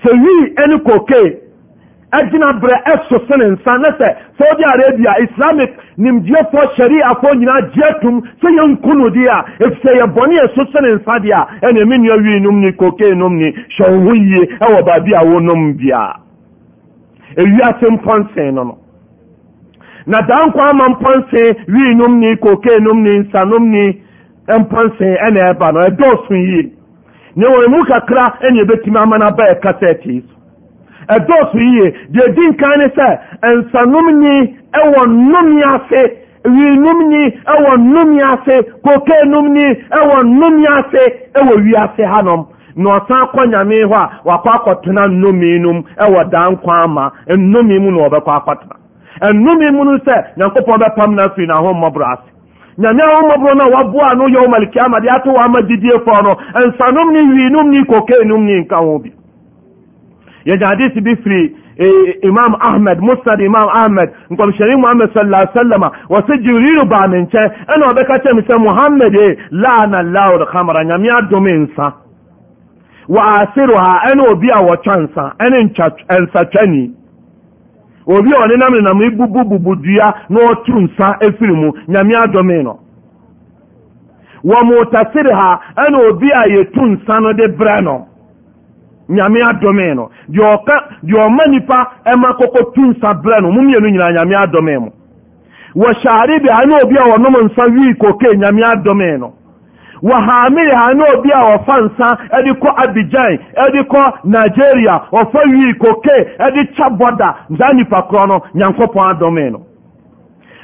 A: sɛ wii ne kookee ɛgyina berɛ ɛso sene nsa na sɛ saudi arabia islamic nimgyeefoɔ hyariafoɔ nyinaa gyea tom sɛ yɛnku no deɛ a ɛfisɛ yɛbɔne ɛso sene nsa deɛ a ɛne me nnua wii nom ni kokei nom ni hyɛ wo ho yie ɛwɔ baabi a wonom biaa ɛwiase mpɔnsee no no na daa nkwa ama mpɔnsee wii nom ni kokei nom ni nsa nsanom ni e mpɔnsee ɛne ɛba e no ɛdɔɔso e yie neɛ wɔne mu kakra ɛne ɛbɛtumi ama no aba ɛka sɛ so ɛdɔɔso yie deɛ di nkan ne sɛ nsanomnyi ɛwɔ nnome ase winomnyi ɛwɔ nnome ase kokenomnyi ɛwɔ nnome ase ɛwɔ wiase hanom na ɔsan kɔ nyame hɔ a wakɔ akɔtena nnome nom ɛwɔ daa nkwa ama nnome mu na ɔbɛkɔ akɔtena nnome mu no sɛ nyankopɔn bɛpam no afiri n'ahommɔborɔ ase nyame ahommɔborɔ no a waboa no yɛwo malikiama de ato wɔ ama didie fɔ no nsanom ne winom ni kokenum ni nka ho bi yɛnya adise bi firi eh, imam ahmad musnad imam ahmad nkɔmhyɛni mohammad sal la salam a wɔ sɛ jewriru baa me nkyɛn ɛne ɔbɛka kyɛme sɛ mohammad e eh, laana lahu lkamra nyame adome nsa wa asero ha ɛne obi a wɔtwa nsa ɛne nsatwa ni obi ɔ ne nam nenam ibubu bubudua na ɔtu nsa ɛfiri mu nyame adome no wɔ motasire ha ɛne obi a yɛtu nsa no de berɛ no nyame adome no deɛ ɔma nnipa ɛma kɔkɔtu nsa berɛ no mommieno nyinaa nyame adome mo wɔ hyaarebi ha ne obi a ɔnom nsa wii koke nyame adome no wɔhamere ha ne obi a ɔfa nsa de kɔ abigjan de kɔ nigeria ɔfa wii koke de kya bɔda nsaa nnipa korɔ no nyankopɔn adomee no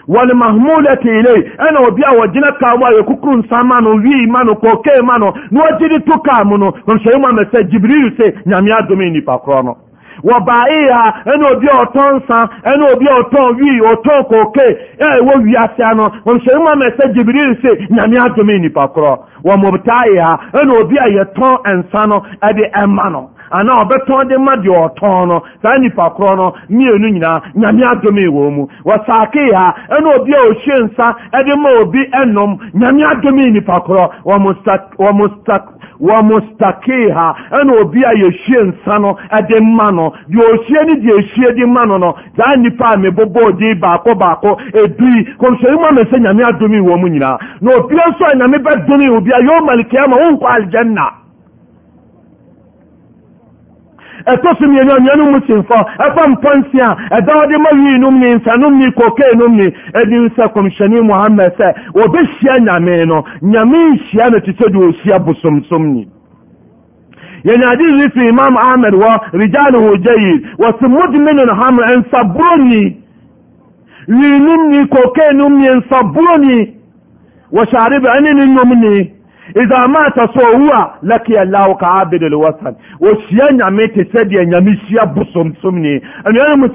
A: wal mahmudati ilay ɛna obi a wɔgyina kaa mu a yɛkukuru nsa ma no wii ma no kɔkee ma no na wɔgye de to kaa mu no ɔmhyɛyi mu amɛ sɛ gyibril nyame adome nnipa korɔ no wɔbaa iya ɛna obi a ɔtɔn nsa ɛna obi a ɔtɔn wii ɔtɔn kɔkee ɛ ɛwɔ wiase no ɔmhyɛyi mu amɛ sɛ gyibril se nyame adome nnipa korɔ wɔ mɔbtaa iya ɛna obi a yɛtɔn nsa no ɛde ɛma no anaa ɔbɛtɔn de ma deɛ ɔtɔn no saa nipa korɔ no mmienu nyinaa nyame adome wɔ mu wɔsaake ha ɛna obi a ohwie nsa ɛde ma obi ɛnom nyame adome nipa korɔ wɔn stak wɔn stak wɔmustake ha ɛna obi a yɛhwie nsa no ɛde ma no deɛ ohwie ne deɛ ehwie de ma no no saa nipa a mebobɔɔ din baako baako edui kɔmhyɛni mu ama sɛ nyame adomi wɔ mu nyinaa na obi nso a nyame bɛdomi obi a yɛ ɔmalikɛama wonkɔ aljanna ɛtɔ so mmienu anuanom mu kyimfɔ ɛfa mpɔnsi a ɛdawade ma wii nom ni nsanom ni kokae nom ni ɛdi nsɛ kɔmhyɛni mohammed sɛ wɔbɛhyia nyame no nyame nhyia no te sɛ deɛ bosomsom ni yẹni adizi fi imam ahmed wọ rijal hujayid wọsi mudminin hamr nsaburoni wiinum ni kokae nom ni nsaburoni wɔ hyɛ aribe ɛne ne nom ni idza mata sowuwa laki allahu ka abidul wasan wɔhyia nyame te sɛdeɛ nyame hyia bosomsom ni anuanom mu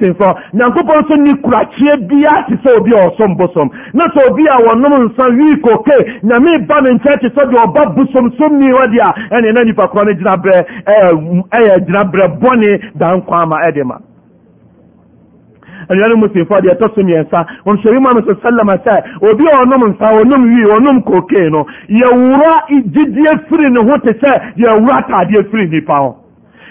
A: ni kurakyeɛ biara te sɛ obi a ɔsom bosom na sɛ obi a wɔnom nsa wii koke nyame ba ne nkyɛn te sɛdeɛ ɔba bosomsom ni hɔ deɛ a ɛne na nnipa korɔ no gyinaberɛ ɛyɛ eh, gyinaberɛ eh, bɔne da nkwa annuanemusimfɔ de ɛtɔ somiɛ nsa ɔmyɛ imu m s salm sɛ obi ɔnom nsa ɔnom wii ɔnom koke no yɛwora gyidiɛ firi ne ho te sɛ yɛwora taadeɛ firi nnipa hoi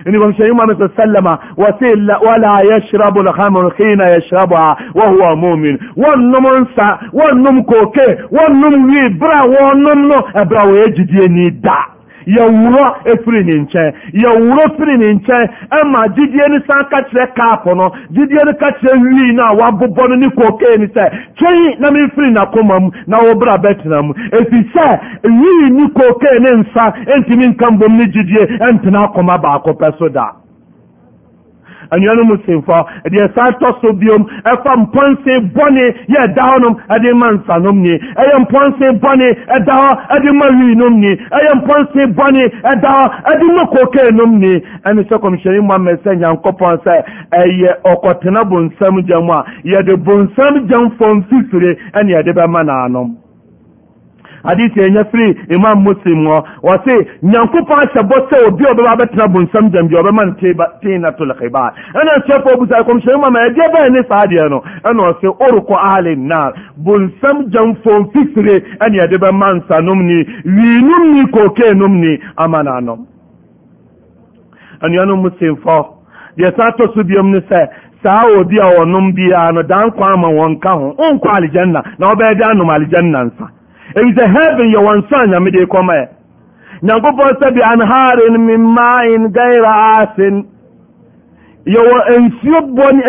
A: ɔyɛim m ssalma wla yasrabo lhamn hina yashraboha wahowa mumin wɔnom nsa wɔnom koke wɔnom wii berɛ wɔnom no ɛberɛ wɔyɛ gyidiɛ ni da yɛwurɔ efiri ne nkyɛn yɛwurɔ firi ne nkyɛn ɛma gyidie no san ka kyerɛ kaapo no gyidie no ka kyerɛ wii no wabobɔ no ne kookee no sɛ twɛn na memfiri n'akoma mu na wɔbrɛ bɛtena mu ɛfiri sɛ wii ne kookee ne nsa ɛntumi nka mbom ne gyidie ɛntena akoma baako pɛ so da anuanom semfa ɛdeɛ saa tɔ so biom ɛfa mpɔnse bɔne yɛ ɛda hɔnom ɛde ma nsanom ni ɛyɛ mpɔnse bɔne ɛda hɔ ɛde ma wiinom ni ɛyɛ mpɔnse bɔne ɛda hɔ ɛde ma kokeenom ni ɛne sɛ kɔmhyɛne mu amɛ sɛ nyankopɔn sɛ ɛyɛ ɔkɔtena bonsam gya mu a yɛde bonsam gyamfɔ mfifire ɛne yɛde bɛma naanom hadithi ɛnyɛ firi imam muslim hɔ wɔse nyankopɔn ahyɛbɔ sɛ obi a ɔbɛba abɛtena bonsam gyam deɛ ɔbɛma no tinatol khibar ɛna asuafoɔ busa kɔmhyɛni mama ɛdeɛ bɛɛ ne saa deɛ no ɛna ɔse orokɔ ahale nar bonsam gyamfo mfisire ɛne ɛde bɛma nsanom ni wiinom ni kokeenom ni ama no anom anuanom muslimfɔ deɛ saa tɔ so biom no sɛ saa obi a ɔnom biara no daa nkwa ama wɔn ka ho wonkɔ alijanna na wɔbɛyɛ de anom alijanna nsa ɛfisɛ heaven yɛ wɔn nsa nyame de kɔmaɛ nyankopɔn sɛbi anharen min main gaira asin yɛwɔ nsuo bɔne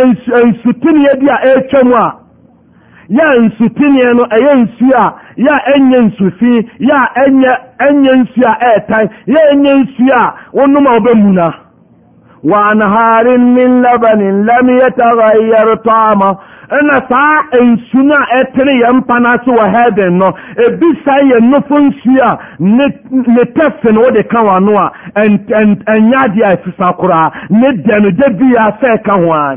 A: nsuteneɛ bi a ɛretwa mu a yɛ nsuteneɛ no ɛyɛ nsuo a yɛ ɛnyɛ nsufi a, ɛnyɛ ɛnyɛ nsuo a ɛɛtan yɛ ɛnyɛ nsuo a wonom a wobɛmuna وأنهار من لبن لم يتغير ama, ɛna saa nsu no a ɛtere yɛ mpa no ase wɔ heaven no ebi saa yɛ nofo nsu a ne tɛfe no wode ka wano a ɛnyɛ adeɛ a ɛfisa koraa ne dɛ no gya bi a sɛ ɛka ho a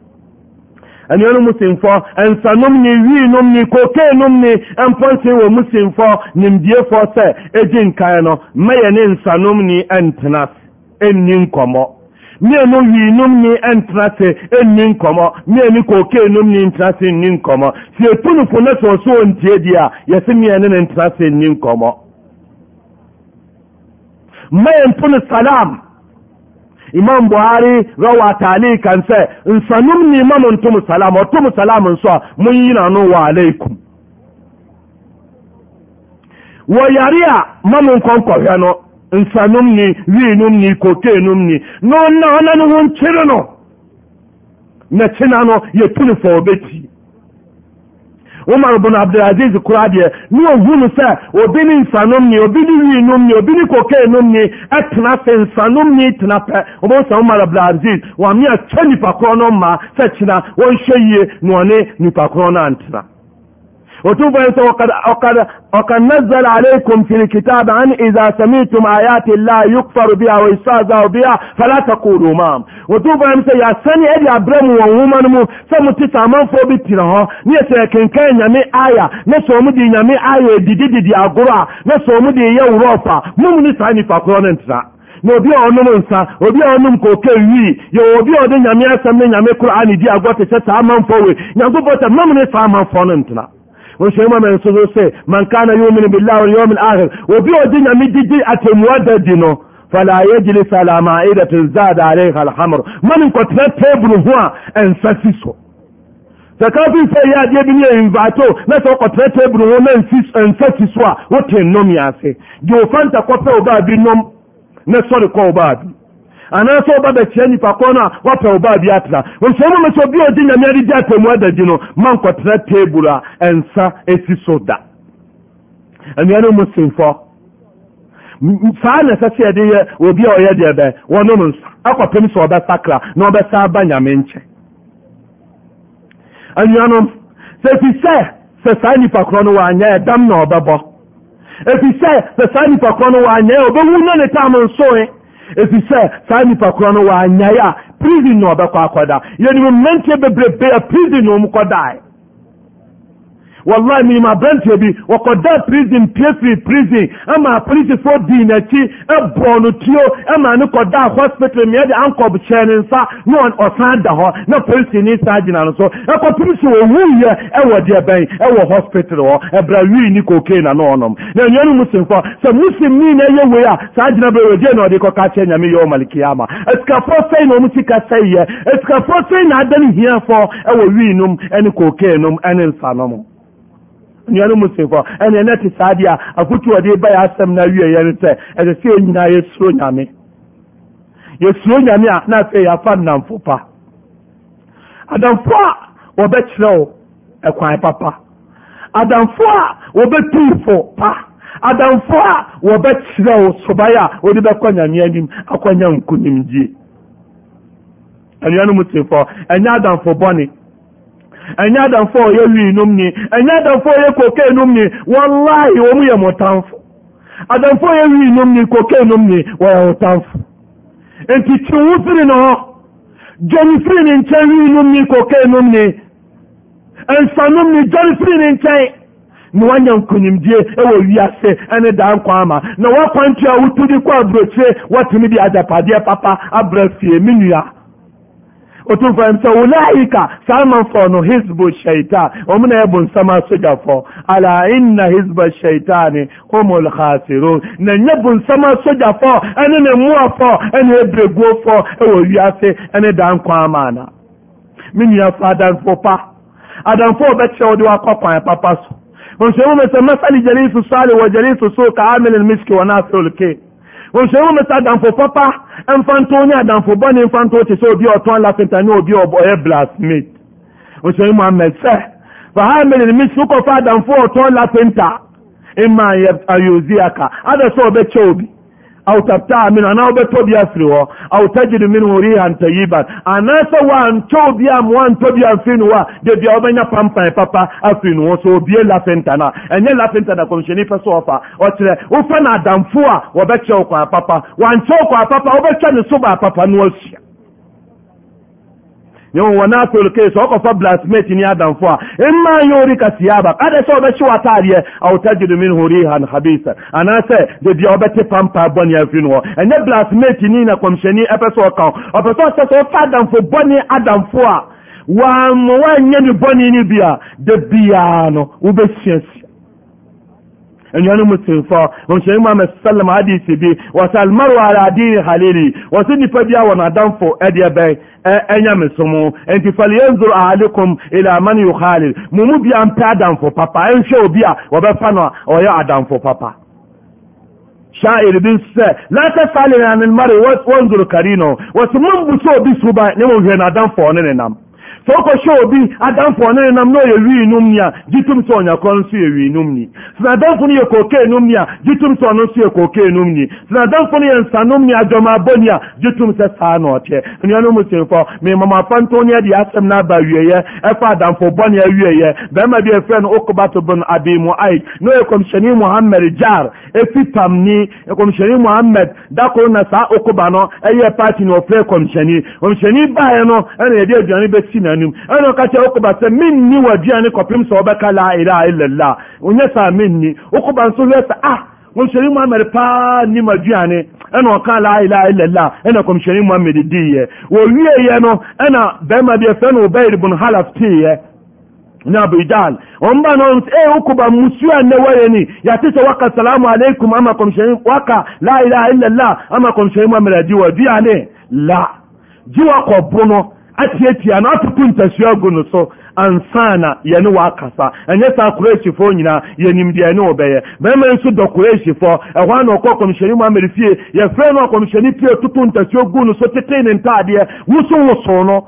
A: anuanom simfɔ nsanom ne wiinom ne kokeenom ne mpɔnsen wɔ mu simfɔ nimdiefoɔ sɛ ɛgyi nkae no mɛyɛ ne nsanom ne ɛntena ɛnni nkɔmmɔ mmienu wiinom ni ntena se nni nkɔmɔ mmienu kokeenom ni ntena se nkɔmɔ si etunufo ne sɔ so ntie di a yɛsi mmienu ne ntena se nkɔmɔ mmayɛ mpunu salam imam buhari rawa tali kansa in sanum ni imam ntum salam o tum salam nso mun yi na no wa alaikum wo yari a mamun konko hwe no nsanum ni winum ni kokenum ni no na ona no hun chiro no na china no ye tuni fo beti umar bin abdulaziz koraa deɛ ne ohu no sɛ obi ne nsanom ni obi ne wii nom ni obi ne kokee nom ni ɛtena se nsanom ni tena pɛ wɔn sɛ umar abdulaziz wɔn ame nipa korɔ no mmaa sɛ kyena wɔnhwɛ yie na ɔne nipa korɔ no antena وتوبوا يسوع وقد, وقد, وقد نزل عليكم في الكتاب عن إذا سمعتم آيات الله يكفر بها ويستهزأ بها فلا تقولوا مام وتوبوا يسوع يا سني أدي أبرم وومن مو سمو تسع من فوبي تنهو نيسا كن كان يمي آية نسو مدي يمي آية دي دي دي, نسو مدي يوروفا ممني ساني فاقرون na obi a ɔnom nsa obi a ɔnom koke wii yɛwɔ obi a ɔde nyame asɛm ne nyame koro a di agua te sɛ saa amanfoɔ wei nyankopɔn sɛ mam ne saa amanfoɔ no ntena م كان يمن بالله واليوم الآخر د لا يلس عل مادة ا عليk الحر tره س كف ن anaasɛ woba bɛkyerɛ nnipa kɔ no a woapɛ wo baa bi atena ɔsɛ mome sɛ obi a ɔgye nyame ade di adagyi no ma nkɔtena table a ɛnsa ɛsi so da anuano mu simfɔ saa na ɛsɛ sɛ yɛde yɛ obi a ɔyɛ deɛ bɛ wɔnom nsa akɔpem sɛ ɔbɛsakra na ɔbɛsa ba nyame nkyɛ anuanom sɛ ɛfiri sɛ sɛ saa nnipa korɔ no wɔanyɛ ɛdam na ɔbɛbɔ ɛfiri sɛ saa nnipa korɔ no wɔanyɛ ɔbɛwu na ne tam nsoe ɛfiri sɛ saa nnipa korɔ no wɔanyae a prison na ɔbɛkɔ akɔda yɛnim mmeranteɛ bebrebe a prison na ɔm kɔdae mi ma aberanteɛ bi wɔkɔda prison pie firi prison ama apolisifoɔ dii n'akyi ɛbɔɔ e no tuo ma ne kɔdaa hospital meɛde ankɔb hyɛɛ ne nsa na ɔsan da hɔ na polisini saa gyina no so ɛkɔpem sɛ ɔwuiɛ ɛwɔ deɛ bɛn ɛwɔ hospital hɔ ɛbra e wii ni kokei na na ɔnom e na nnuanom musimfo sɛ musimni na ɛyɛ wei a saa gyina berɛ wɔdeɛ na ɔde kɔka kyerɛ nyame yɛ ɔmalkiama asikafoɔ sɛi na ɔm sika sɛiyɛ asikafoɔ sɛi na ada no hiafoɔ ɛwɔ wii nom ɛne kokei nom ɛne nsa nom nnuanom mu senkɔ ɛne ɛnɛ te saa deɛ a akoto ɔde ba yɛ asɛm no awieɛ no sɛ ɛsɛ sɛ nyinaa yɛsuro nyame yɛsuro nyame a na afei yɛafa nnamfo pa adamfo a wɔbɛkyerɛ wo ɛkwan papa adamfo a wɔbɛtu fo pa adamfo a wɔbɛkyerɛ wo sobae a wode bɛkɔ nyame anim akɔnya nkonimgyie anuanom mu senkɔ ɛnyɛ adamfo bɔne ɛnyɛ adamfo a ɔyɛ wii nom ni ɛnyɛ adamfo a ɔyɛ kokain nom ni wallahi wɔn mu yɛ mɔtanfo adamfo a ɔyɛ wii nom ni kokain nom ni wɔyɛ mɔtanfo nti tiwu firi ne hɔ dwani firi ne nkyɛn wii nom ni kokain nom ni nsa nom ni dwani firi ne nkyɛn na wanya nkonyimdie ɛwɔ wiase ɛne daa nkwa ama na wakwantua wotu di kɔ aburokyire watumi de agyapadeɛ papa abrɛ fie me tfdsɛ olaiika saamafɔno hisbu saitan ɔmenayɛ bonsam asoiafɔ ala inn hsb sitan hom alhasiron nayɛ bonsam asoiaf ɛnene moa f ɛneɛbrego f ɛwɔ wise ɛne dankwamaana mnafa adanfo pa adanfɛbɛkɛwode wkɔkwa papa so smomɛsɛ masali jalise sale wajalisesokaameln mski wanafeolk nsonwu mesa adamfo papa mfanto ne adamfo bɔne mfanto te sɛ obi ɔtɔn lafenta ne obi ɔyɛ eh, blasmate nsonwu muhammed sɛ fahamil ne misi wokɔfa adamfo ɔtɔn lafenta ma ayɛ ayoziaka ada sɛ ɔbɛkyɛ obi aw taptaha minhu anaa wobɛtɔ bi asiri hɔ aw tagid minho rehan tayiban anaasɛ woantɔo bi amaaantɔ bi amfe ne hɔ a de bia wobɛnya pampae papa afi no ho sɛ obie lafi ntano a ɛnyɛ lafi ntano komsyonni pɛ so ɔfa ɔkyerɛ wofa no adamfo a wɔbɛkyɛ wo kwa papa wankyɛ wo kwa papa wobɛtwɛ ne so baa papa no asua yawan wana tulke so ko fa blasmate ni adam fo in e ma yori ka siyaba kada so be shi watariye aw tajidu minhu rihan khabisa ana se de bi obete pampa boni afino enye blasmate ni na komsheni epeso kan opeso se so fa adam fo boni adam fo a wa mo wa nye ni boni ni bia de bia no ube siasi ẹ̀yàn musulmi fọ́ wọn ṣe ń mọ́mọ́ sálẹ̀mọ́ àdìsí bi wọ́n sá almaru ara àdìyẹ halili wọ́n sì nípa bí àwọn àdánfò ẹ̀dí ẹ̀bẹ̀ ẹ̀yàn mùsùlùmù ẹ̀ǹtì fàlẹ̀ yẹn zoro àhálẹ́kùn ilẹ̀ àmàni yóò halil mú mú bí à ń pẹ́ papa. pàpà ẹ̀ ń ṣe òbí à wọ́n bẹ́ fà náà ọ̀yẹ́ àdánfò pàpà. la ta sali na nin mari wanzur karino wasu mun buso bisu ba ne mun hwe na dan fo ne nam sɛ wokɔhyɛ obi adamfo ɔne nenam na ɔyɛ wii num ni a gye tom sɛ ɔnyakorɔ nso yɛ wii num ni sɛ nadamfo no yɛ kookee num ni a gye tom sɛ ɔno nso yɛ kookee num ni sɛ nadamfo no yɛ e nsanom ni adwamaabɔ ni a gye tom sɛ saa na ɔkyɛ nnuanom musimfo memamafa nto ne ade asɛm no aba awieɛ ɛfa adamfo bɔne awieɛ bɛrima bi ɛfrɛ no okobato bn abi muaid na ɔyɛ kɔmhyɛni mohammed jar ɛfi pamni kɔmhyɛni mohammed da dako na saa okoba no ɛyɛ party na ɔfrɛ kɔmhyɛni kɔmhyɛni baeɛ no ɛna yɛde aduane bɛsi na anim ɛna ɔka kyerɛ wokoba sɛ menni w'adua ne kɔpem sɛ wɔbɛka la ilaha illallah onyɛ saa menni wokoba nso hwɛ sɛ ah kɔmhyɛni muhammed paa nim aduane ɛna ɔka la ilaha illallah ɛna kɔmhyɛni muhammed diiɛ wɔwieɛ no ɛna bɛrima bi ɛfɛ no obair bun halaf teeɛ ne abidal wɔn ba no e wokoba musuo a nnɛ wɔyɛ ni yɛate sɛ waka salamu alaikum ama kɔmhyɛni waka la ilaha illallah ama kɔmhyɛni muhammed adi wɔ aduane la gyi wakɔbo no atiatia na atoto ntasua agu no so ansa na yɛne waakasa ɛnyɛ saa korehyifo nyinaa yɛnim deɛ ɛne wɔbɛyɛ bɛrima nso dɔ korehyifo ɛhɔ ana ɔkɔ kɔmhyɛni muhammed fie yɛfrɛ no a kɔmhyɛni pie toto ntasua gu no so tetee ne ntaadeɛ woso no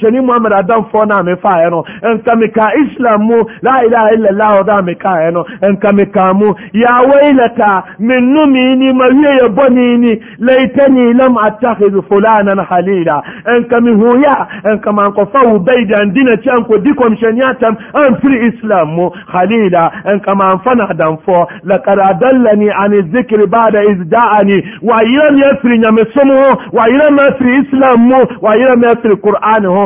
A: kɔmhyɛni fo na me fa mefaeɛ no me ka islam mu la ilaha illa allah illallah me ka mekaeɛ no me ka mu ya wailata min numi ni ma ye ye boni ni laitani lam attakhid fulanan halila enka hu ya ɛnka mehuya ɛnka mankɔfa wo baidan di ko ankɔdi kɔmhyɛni atam amfiri islam mu halila fa na no fo lakad adallani an zikiri bada isdaani wayerɛ me afiri nyamesom somo wa me afiri islam mu wa me afiri qur'an ho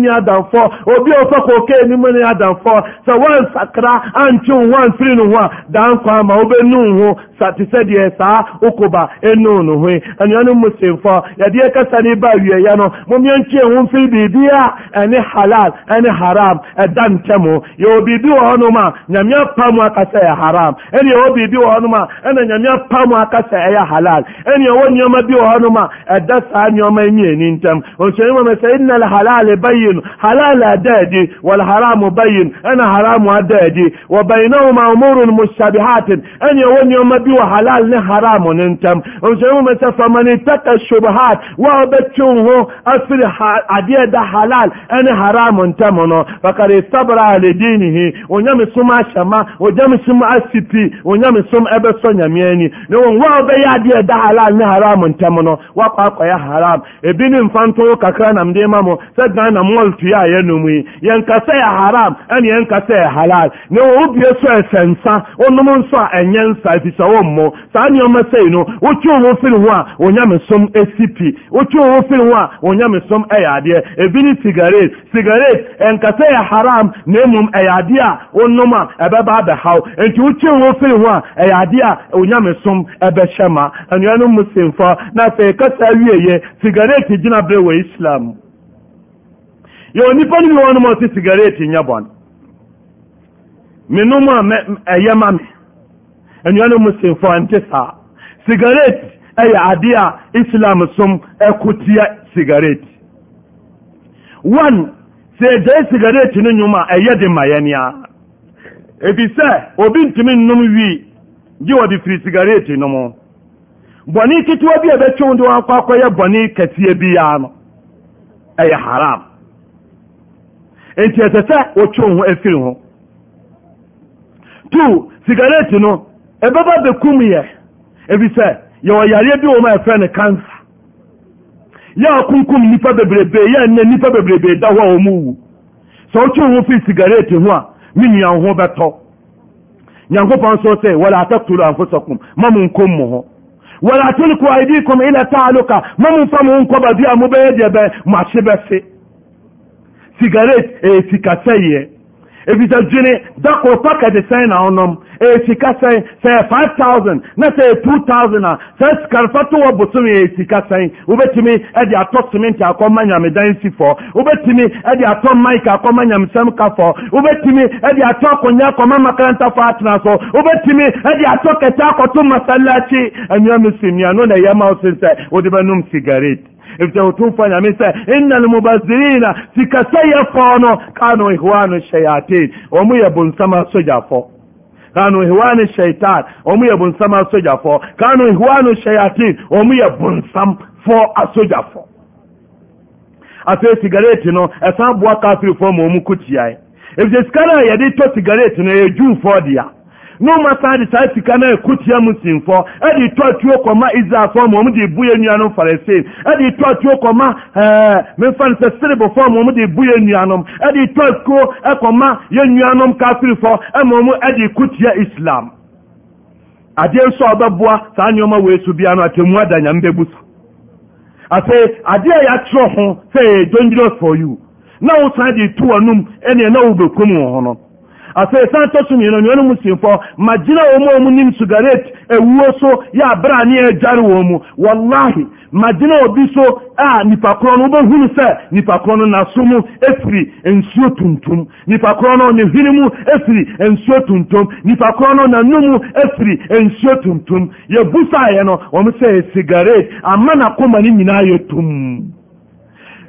A: ni adamfo obi a ɔfɛ kookee ni mu ne adamfo sɛ wansakra sakra wo ho amfiri ne ho a daa nkwa ama wobɛnu wo ho te sɛ deɛ saa wokoba ɛnu no hoe anuanom mu semfo yɛdeɛ kasa ne ba awieeɛ no mommeɛnkyee ho mfiri biribi a ɛne halal ɛne haram ɛda nkyɛm ho yɛwɔ biribi wɔ hɔnom a nyame apa mu aka haram ɛne yɛwɔ biribi wɔ hɔnom a ɛna nyame apa mu ɛyɛ halal ɛne yɛwɔ nneɔma bi wɔ hɔnom a ɛda saa nneɔma mmieni ntam ɔnsuani ma mɛ sɛ inna alhalal bayi بين حلال أدادي والحرام بين أنا حرام أدادي وبينهما أمور مشتبهات أن يوني يوم بيو حلال ني حرام انتم وزيوم فمن اتقى الشبهات وابتشونه أصل عدية ده حلال أنا حرام انتم فقد استبرع لدينه ونعم سمع شما ونعم سمع السبي ونعم سمع أبسو نعميني نعم وابي عدية ده حلال ني حرام انتم وقاقوا يا حرام ابن فانتو كاكرا نمدي مامو سدنا نمو wɔntua yɛ nom yi yɛnkasɛ yɛ haram ɛne yɛnkasɛ yɛ halal na wɔn bie so ɛsɛ nsa wɔnom nso a ɛnyɛ nsa efisɛ wɔn mo saa nneɛma sɛyi no wotwi wɔn firi ho a wɔnyamesom esi pi wotwi wɔn firi ho a wɔnyamesom ɛyɛ adeɛ ebi ne sigaret sigaret ɛnkasɛ yɛ haram na emom ɛyɛ adeɛ a wɔnom a ɛbɛba abɛhaw nti wotwi wɔn firi ho a ɛyɛ adeɛ a wɔnyamesom ɛbɛhyɛ ma anuanom mu na afei kasa awie yɛ sigaret gyina bere wɔ islam yɛwɔ nnipa no bi wɔ no ma ɔte sigareti nyɛ bɔne menom a ɛyɛ ma me anuanom mu semfo ɛnte saa sigareti ɛyɛ adeɛ a islam som ɛko tia sigareti one sɛ ɛgyae sigareti no nnwom a ɛyɛ de ma yɛne a ebisɛ obi ntumi nnom wii gye wɔde firi sigareti no mu bɔne ketewa bi a ɛbɛtwe wo de wakɔ akɔyɛ bɔne kɛseɛ biara no ɛyɛ haram nti ɛsɛ sɛ wɔtwe ho afiri e ho two cigarette no ɛbɛba e bɛkum e yɛ efisɛ yɛwɔ yareɛ bi wɔ a yɛfrɛ no cancer yɛ akunkum nipa bebrebe yɛ nnɛ nipa bebrebe da hɔ a wɔn mu wu sɛ wɔtwe ho firi cigarette ho a me nua ho bɛtɔ nyankopɔn nso sɛ wɔlɛ atɛtolo anfosakum ma mo nkom mo ho wɔlɛ atɛliko aidikom ilɛ taaluka ma mo nfa mo nkɔ baabi a mobɛyɛ deɛ bɛ mo ahye bɛse sigaret ɛyɛ sika sɛ yɛ efisɛ dwene dakoro pakɛte sɛn na ɔnom ɛyɛ sika sɛn sɛ yɛ five thousand na sɛ two thousand ah, a sɛ eh, sikarifa eh, to wɔ bosom yɛ sika sɛn wobɛtumi ɛde atɔ simenti akɔma nyamedan si fɔ wobɛtumi ɛde atɔ maik akɔma nyamesɛm ka fɔ wobɛtumi ɛde atɔ akonnwa akɔma makaranta fɔ atena so wobɛtumi ɛde atɔ kɛtɛ akɔto masalachi ɛnua mi si nua no na ɛyɛ ma ɔsen sɛ wode bɛnum sigaret افتوتون فنمسة إن المبذرين سكسي فانو كانوا إخوان الشياطين ومو يبون سما سجافو kano ihwanu shaitan omu yɛ bonsam asogyafoɔ kanu ihwanu shayatin omu yɛ bonsam fɔ asogyafoɔ afei sigareti no ɛsan e boa kafirifoɔ ma ɔmu ko tiae ɛfisɛ sika no a yɛde tɔ sigareti no ɛyɛ e dwumfoɔ dea ne ɔma de saa sika no ɛkotia mu simfɔ ɛde tɔ atuo kɔma israelfoɔ ma ɔmde bu yɛ nuanom farisee ɛde tɔ atuo kɔma eh, memfa no sɛ serebɔfoɔ ma ɔmde bu yɛ nuanom ɛde tɔ atuo ɛkɔma yɛ nuanom kafirifoɔ ɛma eh, ɔm ɛde kotia islam adeɛ nso a ɔbɛboa saa nneɔma wei esu bia no atammu ada nyame bɛbu so adeɛ a ho sɛ dangerous for you na de tu na ho no afei san tɔ so mmienu nnuane mu simfɔ magyina wɔ mu a ɔmu nim sigaret ewuo so yɛ abere a ne ɛgyare wɔn mu wallahi magyina obi so a nipa korɔ no wobɛhunu sɛ nipa korɔ no naso mu efiri nsuo tuntum nipa korɔ no ne hwene mu efiri nsuo tuntum nipa korɔ no n'anu mu efiri nsuo tuntum yɛbu busa yɛ no wɔn sɛ e sigaret ama n'akoma ne nyinaa yɛ tum.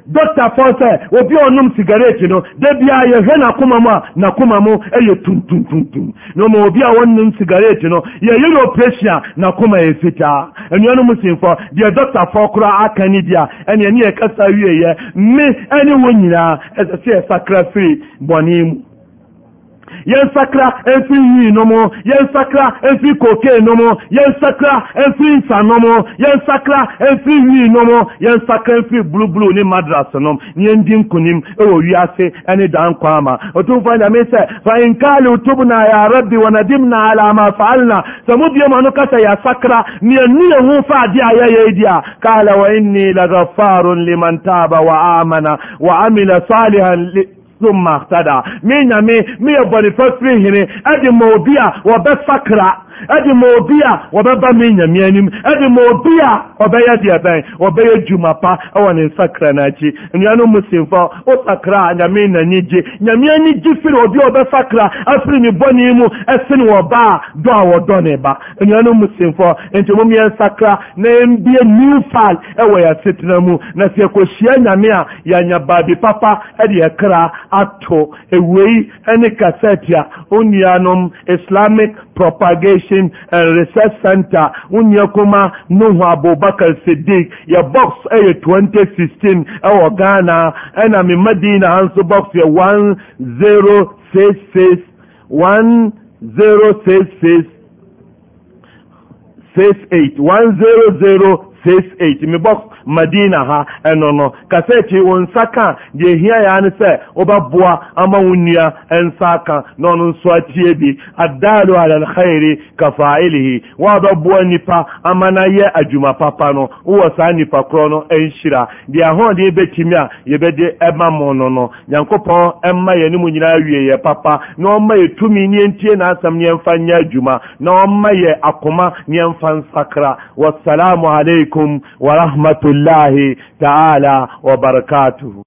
A: dɔkta fɔ sɛ obi a ɔnom sigareti no da biaa yɛhwɛ n'akoma mu a n'akoma mu yɛ tuntuntuntum na ɔma obi a wɔnom sigareti no yɛyɛ no operation a n'akoma yɛ fitaa si simfɔ deɛ dɔkta fɔ koraa aka ne bi a ɛneɛ kasa yɛkasa yɛ me ne wɔn nyinaa ɛsɛ sɛ yɛsakra firi bɔne mu yan sakra nfin n sakra nfi koke nom sara fi sa no sara nf n aafblbl ne madras n akunim ɛwase ɛne dankwamatameɛ fainkaltobna ya rabi wanadimna ala ma fa'lna samoiaa no kasayasakra eɛ nue ho faadea yayɛdia kala wa inni lagafarun liman taba w amana wa amila saliha So thumma ihtada menyame meyɛ bɔnefasiri hene ɛde ma obi a wɔbɛsakra ɛde ma obi a wɔbɛba me nyame anim ɛde ma obi a ɔbɛyɛ deɛ bɛn ɔbɛyɛ dwuma pa ɛwɔ ne nsakra no akyi nnuanom mu simfa wo sakra a nyame n'ani gye nyame ani gye firi obi a ɔbɛsakra afiri ne bɔne mu ɛsene wɔ ba a dɔ a wɔdɔ ne ba nnuanom mu simfa nti mom yɛnsakra na yɛmbie newfal ɛwɔ yɛasetena mu na sɛ yɛkɔhyia nyame a yɛanya baabi papa ɛde yɛkra ato ewei ɛne kasɛte a wo islamic propagation and research center wo nya koma no hu abubakar siddik yɛ box yɛ 2016 wɔ ghanaa ɛname mmadini na a nso box yɛ 101000 madina ha ɛno no kasɛti wo nsa ka deɛ hia yaa ne sɛ wobɛboa ama wo nnua nsa aka na ɔno nso atie bi adaalo ala alhairi kafaili hi wo a bɛboa nnipa ama na yɛ adwuma papa no wowɔ saa nnipa korɔ no ɛnhyira deɛ ahoden bɛtumi a yɛbɛde ɛma mono no nyankopɔn ɛma yɛno mu nyinaa wieyɛ papa na ɔma yɛ tumi neɛntie naasɛm neɛmfa nyɛ adwuma na ɔmma yɛ akoma neɛmfa nsakra saakm الله تعالى وبركاته